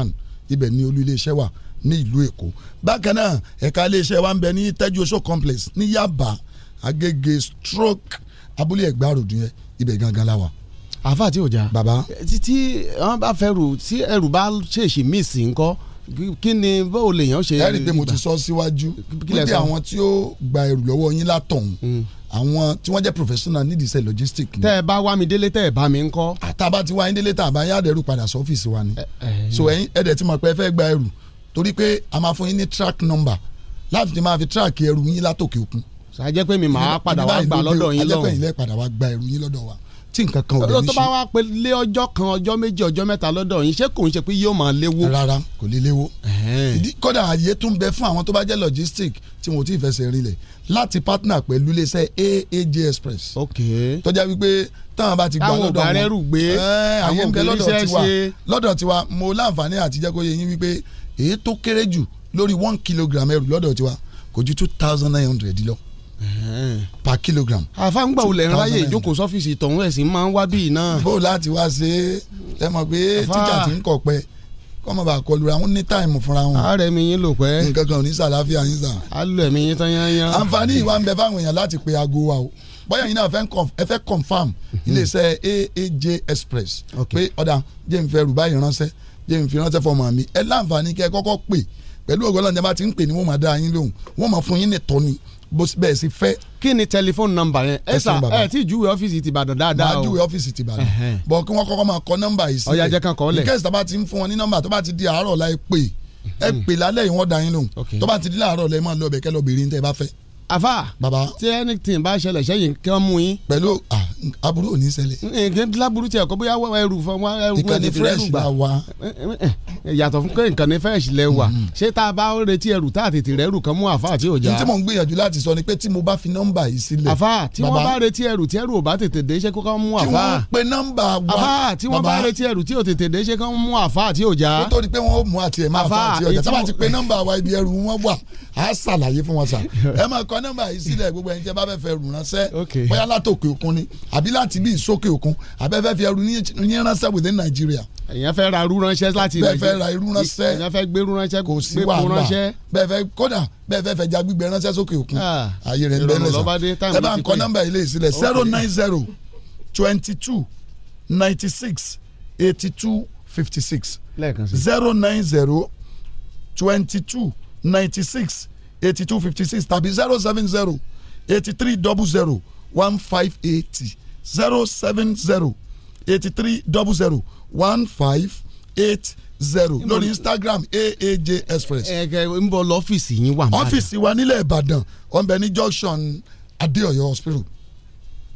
Speaker 1: one ibẹ̀ ni olú iléeṣẹ́ ní ìlú èkó bákan náà ẹ̀ka iléeṣẹ́ wa ń bẹ ní tẹ́jú oṣó complex ní yaba agége stroke abúlé ẹ̀gbá ròdù yẹn ibẹ̀ gangan la wà àfa tí o baba. títí wọn bá fẹ́ rù tí ẹrù bá ṣèṣì míì sí ńkọ́ kí ni báwo lèèyàn ṣe. ẹ̀rí pé mo ti sọ síwájú níbi àwọn tí ó gba ẹrù lọ́wọ́ yín látọ̀hún hmm. àwọn tí wọ́n jẹ́ professional nídìí iṣẹ́ logistics ni. tẹ́ ẹ bá wá mi délé tẹ́ ẹ bá mi ńkọ́. àtàbá ti wá yín délé tá a bá yá àdẹ̀rù padà sọ́fíìsì wa ni. so ẹ̀yin ẹ̀dẹ̀ tí mo pẹ́ fẹ́ gba ẹrù torí pé a máa fún yín ní track number láti ti máa fi track ẹrù yín látòkè òkun. sàjẹ́ pé mi máa padà wá gbà lọ́dọ̀ yín lọ́hùn. ajẹ́ pé padà wá gba ẹrù yín lọ́dọ̀ wa tí nǹkan kan ò lè ní ṣe. tó bá wá pé lé ọjọ́ kan ọjọ́ méjì ọjọ́ mẹ́ta lọ́dọ̀ yín ṣé kò ń ṣe pé yóò máa léwó. rárá kò lè léwó. kódà àyè tún bẹ fún àwọn tó bá jẹ́ logistic tí wọn ò fẹsẹ̀ rinlẹ̀ láti partner pẹ̀lú iléeṣẹ́ AAJ Express. ok tọ́já wípé táwọn bá ti gbà lọ́dọ̀ wọn. táwọn ò bá rẹ́rù gbé àwọn òbí iṣẹ́ ṣe. lọ́dọ̀ tiwa mo láǹfààní àtijẹ́kóye yín wípé èyí tó kéré jù lórí one kilogram ẹrù lọ́dọ̀ tiwa kò ju two thousand nine hundred lọ per kilogram. àfáǹgbà olè ń ráyè ìjókòó sọ́fíìsì tọ̀hún ẹ̀sìn máa ń wá bíi náà. bó láti wá ṣe é ẹ mọ̀ pé tíjà ti ń kọ̀ pẹ́ kọ́mọ bá kọlu ra wọn ní táìmù fúnra wọn. ààrẹ mi yín lò pẹ́. nǹkan kan ò ní sàlàáfíà yín sàn. a lọ ẹ̀mí yín tán yányán. àǹfààní ìwà ń bẹ fáwọn èèyàn láti pe aago wa o bóyá yín náà ẹ fẹ́ confam hmm. iléeṣẹ́ aaj express pé ọ̀dà jẹ́ n fẹ́ rúbáyìí ránṣẹ́ yẹn fi ránṣẹ́ fọmọ mi ẹ láǹfààní kẹ́ ẹ kọ́kọ́ pè pẹ̀lú ògo Ọlọ́run bá ti ń pè ní wọ́n máa dá yín lóhùn wọ́n máa fún yín nìtọ́ ni bó bẹ́ẹ̀ sì fẹ́. kí ni tẹlifóònù nọ́mbà yẹn ẹ sà ẹ tí ìjúwe ọ́fíìsì ti Ìbàdàn dáadáa o máa júwe ọ́fíìsì ti Ìbàdàn bọ̀ kí wọ́n kọ́kọ́ máa kọ nọ́mbà yìí sílẹ̀ ọ̀yà jẹ́ kan kọ́ ọ́ lẹ̀ ìkẹ́sì tó bá ti ń fún wọn ní nọ́mbà tó bá ti di àárọ̀ láì pè é ẹ hmm. pè lálẹ́ yìí wọ́n dá yín lóhùn tó bá ti di láàárọ̀ lẹ́ẹ̀ máa lọ bẹ̀ kẹ́ lọ bèrè ní tẹ́ ẹ bá fẹ́ àfà baba tí anything bá ṣẹlẹ̀ sẹ́yìn kan mú yín. pẹ̀lú aburú ò ní ṣẹlẹ̀. nǹkan laburu tiẹ̀ kó bóyá
Speaker 3: ẹrù fún wa ẹrù fún ẹni fresh la wa. yàtọ̀ fún pé nǹkan ní fresh lẹ wà mm-hmm.
Speaker 1: ṣé tá a bá retí ẹrù tá a tètè rẹ ẹrù kan mú àfà àti òjà. tí mo ń gbìyànjú láti sọ ni pé tí mo bá fi nọ́mbà yìí sílẹ̀. àfà tí wọ́n bá retí ẹrù tí ẹrù ò bá tètè dé ṣé kó kán mú àfà. tí wọ́n wa. àfà bá retí ẹrù tí ò wa ibi ẹrù wọn wà á [laughs] kọ nọ́mbà yìí sílẹ̀ gbogbo ẹni tí ẹ bá fẹ́ fẹ́ rù ránṣẹ́ bóyá látòkè òkun ni àbí láti bí ìsókè òkun àbẹ́fẹ́ fi ẹrù yín ránṣẹ́ within Nigeria. èèyàn fẹ́ ra irú ránṣẹ́ láti Nàìjíríà bẹ́ẹ̀ fẹ́ ra irú ránṣẹ́ èèyàn fẹ́ gbé irú ránṣẹ́ kò sí wàhálà bẹ́ẹ̀ fẹ́ kódà bẹ́ẹ̀ fẹ́ fẹja gbígbẹ ránṣẹ́ sókè òkun ààyè ah, rẹ̀ ń bẹ́ẹ̀ lẹ́sàn ẹ bá ń kọ nọ́mbà yìí lè sílẹ̀ zero nine zero twenty two ninety six eighty two fifty six zero nine zero twenty two ninety six eighty two fifty six tàbí zero seven zero eighty three double zero one five eighty zero seven zero eighty three double zero one five eight zero lórí instagram aaj express. ẹ ẹ ń bọ lọ́fíìsì yín wà. ọ́fíìsì wa nílẹ̀ ìbàdàn ọ̀nbẹ ní junction adéọ̀yọ́ hospital.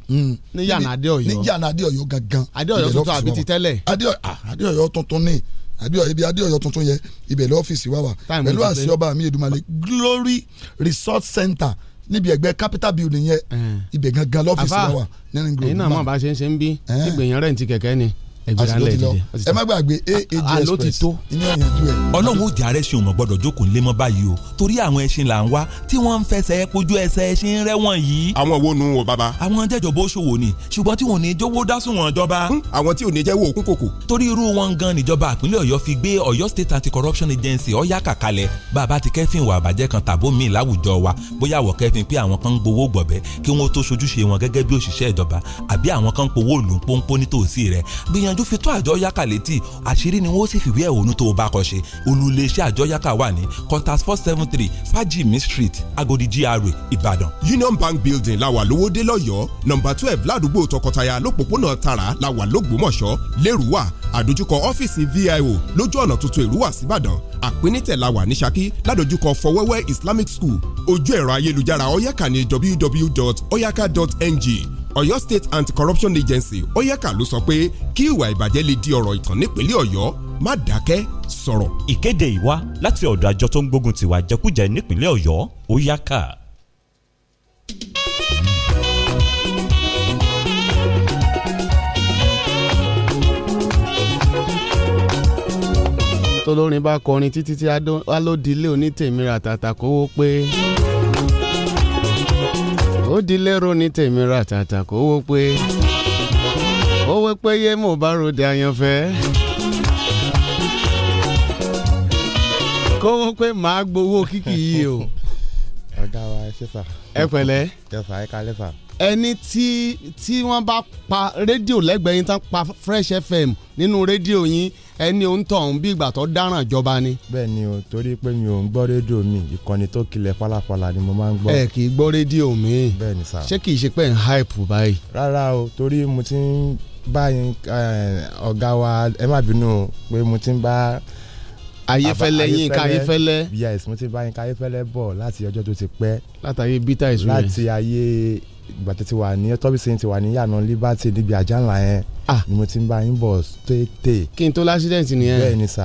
Speaker 1: Hmm. ní yànnà adéọ̀yọ́ ní yànnà adéọ̀yọ́ gangan. adéọ̀yọ́ tuntun àbí ti tẹ́lẹ̀. adéọ̀yọ́ ah, tuntun ni ibi adéọyọ tuntun yẹn ibẹ̀ lọ́fíìsì wa wà pẹ̀lú àṣẹ ọba mi Èdùmàrè Glory Resort Center níbi ẹgbẹ́ capital building yẹn eh. ibẹ̀ gangan lọ́fíìsì wa wà nínú náà mọ̀
Speaker 3: bá ṣe ń ṣe ń bí ìgbìyànjú
Speaker 10: eh. rẹ̀ ń ti kẹ̀kẹ́ ni
Speaker 1: àsìkò ti lọ ẹ má gbàgbé aaj express
Speaker 9: inú ẹ̀yànjú ẹ̀. ọlọ́run ó jẹ́ ààrẹ ṣeun mọ̀ gbọ́dọ̀ jókòó nílé mọ́ báyìí o torí àwọn ẹṣin là ń wá tí wọ́n ń fẹsẹ̀ kojú ẹsẹ̀ ẹṣin rẹ́wọ̀n yìí. àwọn wo nu wo bàbá. àwọn jẹjọ bó ṣòwò ni ṣùgbọ́n tí wọn ò ní jówó dásùn wọn jọba. àwọn tí ò ní jẹ́ wo òkú kòkò. torí irú wọn gan níjọba ìpínlẹ̀ ọ̀yọ́ fi gbé ọ̀yọ́ state anti-corruption agency ọ̀yá kàkalẹ̀ bàbá ti kẹ́fìn ìwà àbàjẹ́ kan tàbó míì láwùjọ wa bóyá àwọ̀ kẹ́fìn pé àwọn kan ń gbowó gbọ̀bẹ́ kí wọ́n tó ṣojúṣe wọn gẹ́gẹ́ bí òṣìṣẹ́ ìjọba àbí àwọn kan ń powó lù ń pónpó nítòsí rẹ̀ gbìyànjú ìyànjú fi tó àjọ yáka létí àṣírí ni wọ́n sì fìwé ẹ̀hónú tó o bá kọ ṣe olùléṣẹ́ àjọ yáka wà ní contact four seven three fajimi street agodi gra ìbàdàn. union bank building la wà lówódé lọ́yọ́ọ́ nọ́mbà twelve ládùúgbò tọkọtaya lọ́pọ̀pọ̀nà tara la wà lógbómọ̀ṣọ́ lẹ́rùwà àdójúkọ ọ́fíìsì vio lójú ọ̀nà tuntun ìrúwà síbàdàn àpínítẹ̀ la wà ní ṣakí ládójúkọ fọwẹ́wẹ́ islamic school ojú ẹ̀rọ ayélujára oyaka ní www.oyaka.ng Ọ̀yọ́ State Anti-Corruption Agency oyeka ló sọ pé kí ìwà ìbàjẹ́ lè di ọ̀rọ̀ ìtàn nípínlẹ̀ Ọ̀yọ́ má dákẹ́ sọ̀rọ̀. Ìkéde ìwá láti ọ̀dọ̀ àjọ tó ń gbógun tiwa jẹkújẹ nípínlẹ̀ Ọ̀yọ́ oyeka.
Speaker 3: tolórin bá kọrin títí tí alódìlé onítèmíra tàtàkówó pé ó di lérò ní tèmi ra tàtà kó wó pé ó wé pé yé mo bá ròde àyànfẹ́. kó wó pé màá gbowó kíkì yìí o. ọ̀gá wa ẹ ṣe fà. ẹ pẹ̀lẹ́. jẹfà ẹ kalẹ̀ fà ẹni tí tí wọ́n bá pa rédíò lẹ́gbẹ̀ẹ́ yín tán pa Fresh FM nínú rédíò yín ẹni òun tọ̀hún bí ìgbà tó dáràn jọba ni. bẹ́ẹ̀ ni o torí pé mi
Speaker 10: ò ń gbọ́ rédíò mi ìkànnì tó kilẹ̀ falafala ni mo máa ń gbọ́. ẹ kì í gbọ́ rédíò mi. bẹ́ẹ̀ ni sá. ṣé kì í ṣe pé ń hype báyìí.
Speaker 3: rárá o torí mo ti ń bá ọ̀gá wa ẹ má bínú pé mo ti ń bá ayéfẹ́lẹ́ yínká ayéfẹ́lẹ́. yes mo ti bá yínká ayéfẹ́lẹ́ bọ̀ láti ọjọ́ tó ti pẹ́. látàyè bitter is real. láti ayé ìgbà tó ti wà ní tọ́bísìn ti wà ní yànà liberty níbi àjànlá yẹn ah. ni mo ti ń bá yín bọ̀ tètè. kí n tó lásìdẹ̀ntì nìyẹn. bẹ́ẹ̀ ni sà.